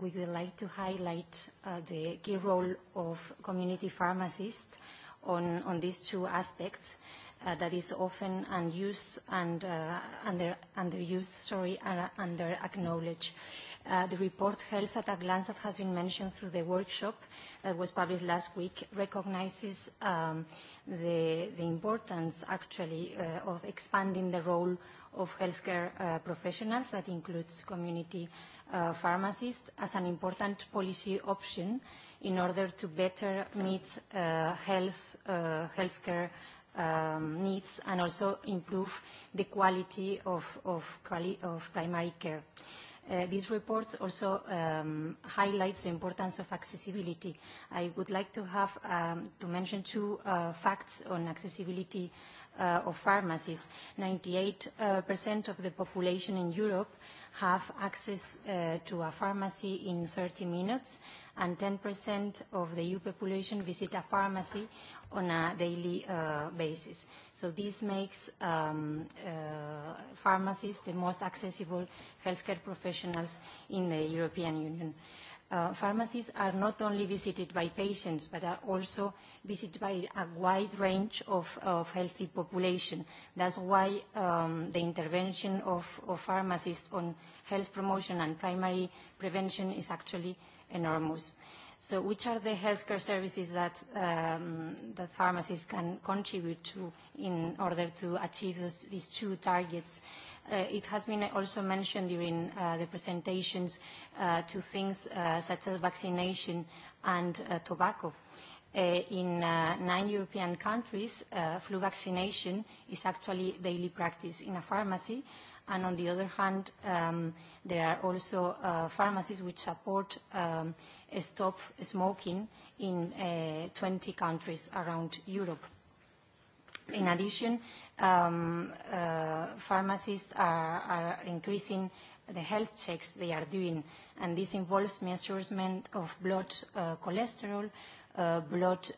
we would like to highlight the key role of community pharmacists on on these two aspects that is often unused and under underused, sorry, under-acknowledged. The report Health at a Glance that has been mentioned through the workshop that was published last week recognizes the importance actually of expanding the role of healthcare professionals, that includes community pharmacists, as an important policy option in order to better meet health healthcare needs and also improve the quality of primary care. This report also highlights the importance of accessibility. I would like to have to mention two facts on accessibility of pharmacies. 98% of the population in Europe have access to a pharmacy in 30 minutes, and 10% of the EU population visit a pharmacy on a daily basis. So this makes pharmacists the most accessible healthcare professionals in the European Union. Pharmacies are not only visited by patients, but are also visited by a wide range of healthy population. That's why the intervention of pharmacists on health promotion and primary prevention is actually enormous. So which are the healthcare services that pharmacies can contribute to in order to achieve these two targets? It has been also mentioned during the presentations to things such as vaccination and tobacco. In nine European countries, flu vaccination is actually daily practice in a pharmacy and on the other hand there are also pharmacies which support stop smoking in 20 countries around Europe. In addition, pharmacists are increasing the health checks they are doing, and this involves measurement of blood cholesterol, blood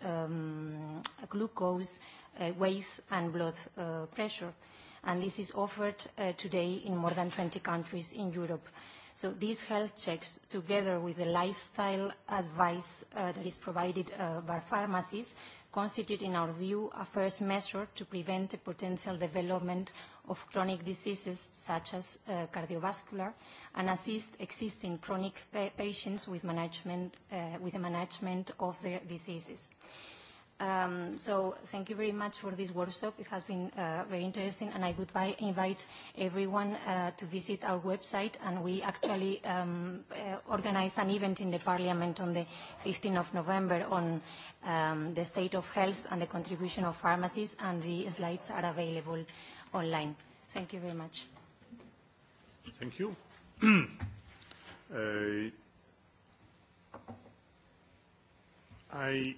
glucose, weight, and blood pressure and this is offered today in more than 20 countries in Europe. So these health checks, together with the lifestyle advice that is provided by pharmacies, constitute, in our view, a first measure to prevent the potential development of chronic diseases such as cardiovascular and assist existing chronic patients with management with the management of their diseases. So thank you very much for this workshop. It has been very interesting, and I would invite everyone to visit our website, and we actually organized an event in the Parliament on the 15th of November on the state of health and the contribution of pharmacies, and the slides are available online. Thank you very much. Thank you. I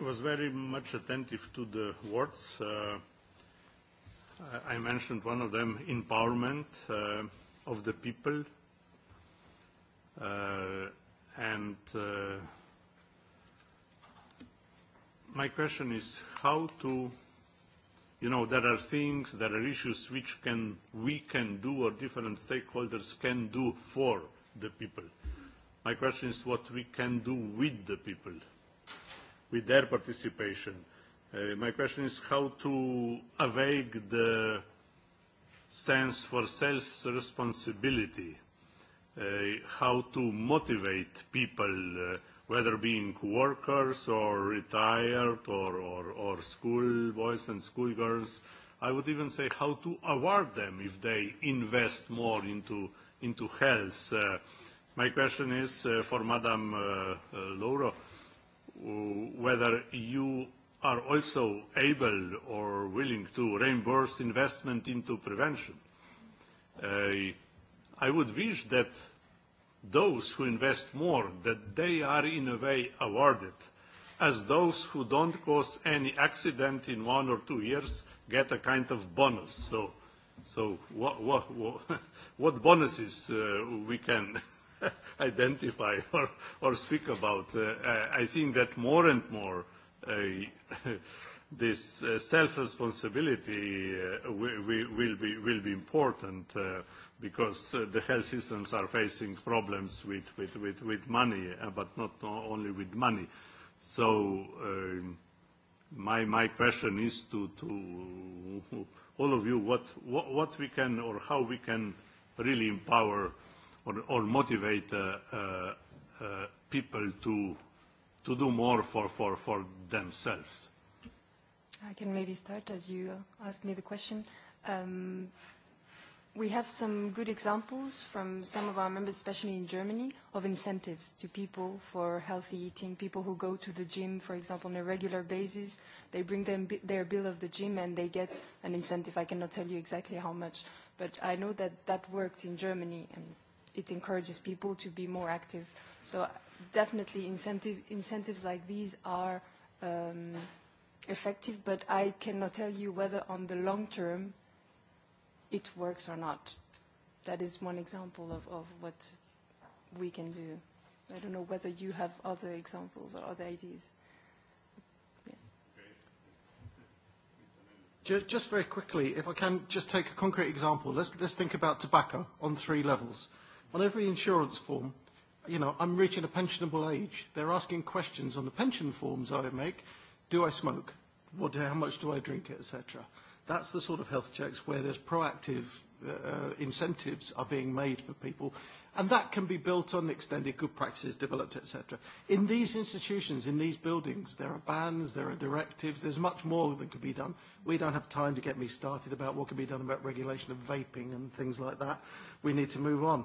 was very much attentive to the words. I mentioned one of them, empowerment of the people. And my question is how to, you know, there are things, there are issues which can, we can do or different stakeholders can do for the people. My question is what we can do with the people with their participation. My question is how to evade the sense for self-responsibility, how to motivate people, whether being workers or retired or school boys and school girls. I would even say how to award them if they invest more into health. My question is for Madam Laura whether you are also able or willing to reimburse investment into prevention. I would wish that those who invest more, that they are in a way awarded, as those who don't cause any accident in one or two years get a kind of bonus. So so what bonuses we can identify or or speak about. I think that more and more this self responsibility will be will be important because the health systems are facing problems with with with with money but not only with money. So my my question is to to all of you what what we can or how we can really empower or motivate people to do more for for themselves. I can maybe start as you asked me the question. We have some good examples from some of our members, especially in Germany, of incentives to people for healthy eating. People who go to the gym, for example, on a regular basis, they bring their bill of the gym and they get an incentive. I cannot tell you exactly how much, but I know that that worked in Germany and it encourages people to be more active. So definitely incentives like these are effective, but I cannot tell you whether on the long term it works or not. That is one example of what we can do. I don't know whether you have other examples or other ideas. Just very quickly, if I can just take a concrete example. Let's think about tobacco on three levels on every insurance form, you know, I'm reaching a pensionable age. They're asking questions on the pension forms I make. Do I smoke? What, how much do I drink, etc. That's the sort of health checks where there's proactive incentives are being made for people. And that can be built on extended good practices developed, etc. In these institutions, in these buildings, there are bans, there are directives, there's much more that can be done. We don't have time to get me started about what can be done about regulation of vaping and things like that. We need to move on.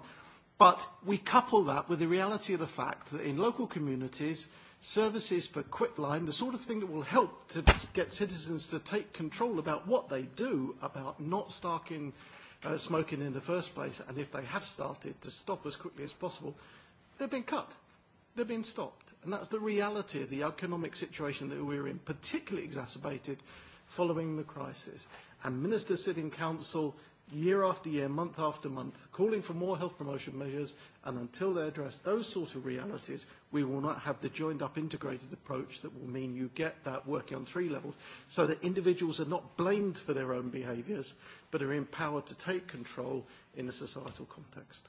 But we couple that with the reality of the fact that in local communities, services for quitline, the sort of thing that will help to get citizens to take control about what they do about not starting smoking in the first place, and if they have started, to stop as quickly as possible, they've been cut. They've been stopped. And that's the reality of the economic situation that we're in, particularly exacerbated following the crisis. And ministers sit in council year after year, month after month, calling for more health promotion measures, and until they address those sorts of realities, we will not have the joined-up integrated approach that will mean you get that working on three levels, so that individuals are not blamed for their own behaviours, but are empowered to take control in a societal context.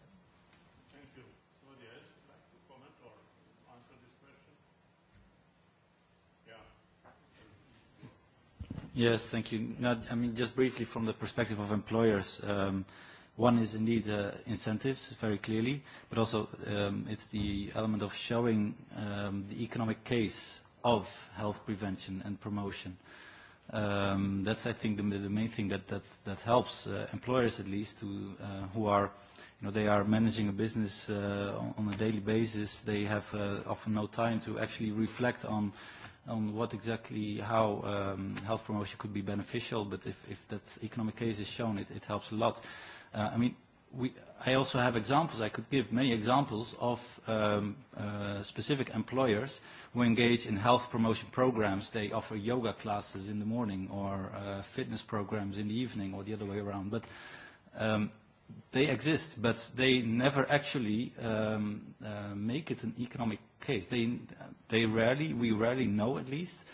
Yes, thank you. I mean, just briefly from the perspective of employers, one is indeed incentives, very clearly, but also it's the element of showing the economic case of health prevention and promotion. That's, I think, the main thing that helps employers, at least, who are, you know, they are managing a business on a daily basis. They have often no time to actually reflect on on what exactly how health promotion could be beneficial, but if if that economic case is shown, it it helps a lot. I mean, we I also have examples. I could give many examples of specific employers who engage in health promotion programs. They offer yoga classes in the morning or fitness programs in the evening or the other way around. But they exist, but they never actually make it an economic case. They, they rarely, we rarely know at least,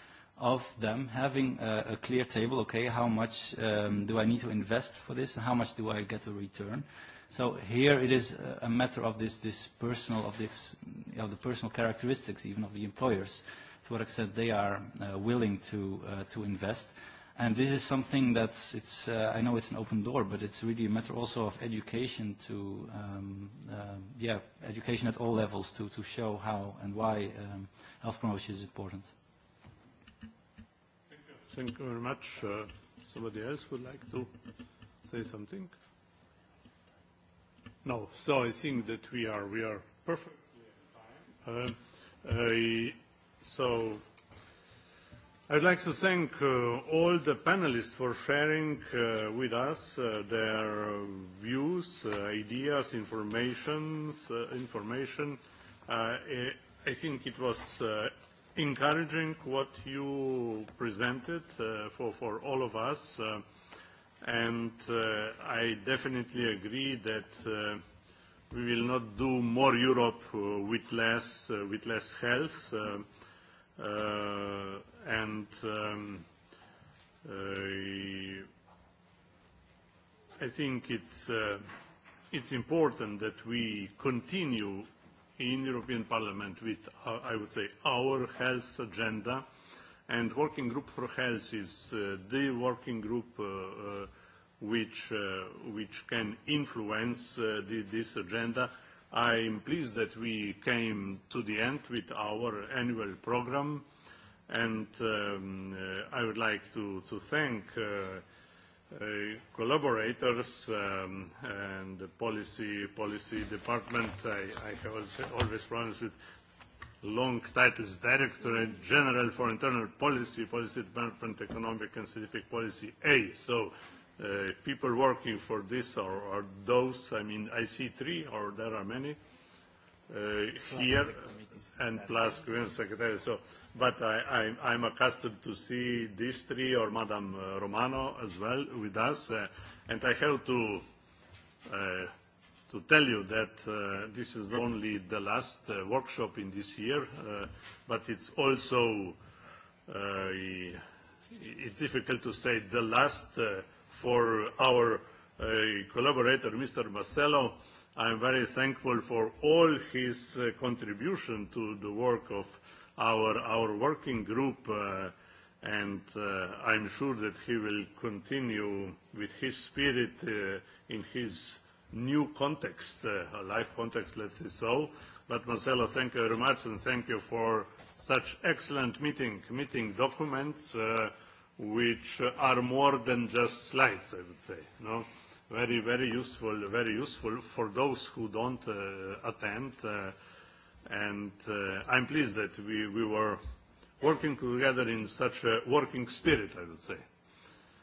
of them having a clear table, okay, how much do I need to invest for this and how much do I get a return? So here it is a matter of this, this personal, of, this, of the personal characteristics even of the employers, to what extent they are willing to, to invest. And this is something that's, it's, I know it's an open door, but it's really a matter also of education to, um yeah, education at all levels to, to show how and why health promotion is important. Thank you very much. Somebody else would like to say something? No. So I think that we are, we are perfectly Uh, So I would like to thank all the panelists for sharing with us their views, ideas, information. I think it was encouraging what you presented for all of us, and I definitely agree that we will not do more Europe with less health and I think it's it's important that we continue in European Parliament with, I would say, our health agenda, and Working Group for Health is the working group which which can influence this agenda I am pleased that we came to the end with our annual program, and I would like to thank collaborators and the policy policy department. I have always runs with long titles, Director General for Internal Policy, Policy Department, Economic and Scientific Policy A. So people working for this or those, I mean, I see three, or there are many here, and plus UN Secretary. So, but I'm accustomed to see these three or Madame Romano as well with us, and I have to to tell you that this is only the last workshop in this year, but it's also it's difficult to say the last for our collaborator, Mr. Marcello. I am very thankful for all his contribution to the work of our our working group, and I am sure that he will continue with his spirit in his new context, life context, let's say so. But Marcelo, thank you very much, and thank you for such excellent meeting, meeting documents which are more than just slides, I would say. No, very, very useful, very useful for those who don't attend. And I'm pleased that we we were working together in such a working spirit, I would say.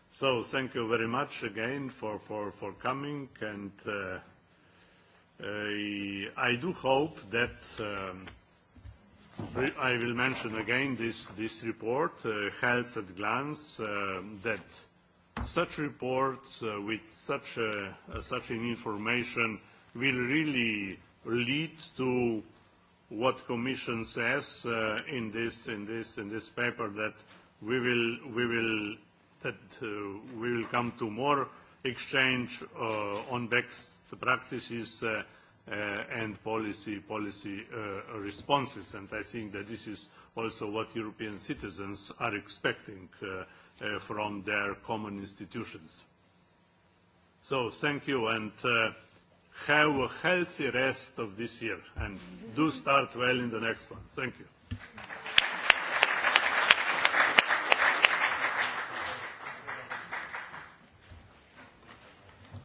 So thank you very much again for for for coming, and I I do hope that I will mention again this report, Health at Glance, that such reports with such information will really lead to what Commission says in this paper that we will come to more exchange on best practices and policy responses. And I think that this is also what European citizens are expecting from their common institutions. So thank you and have a healthy rest of this year and do start well in the next one. Thank you.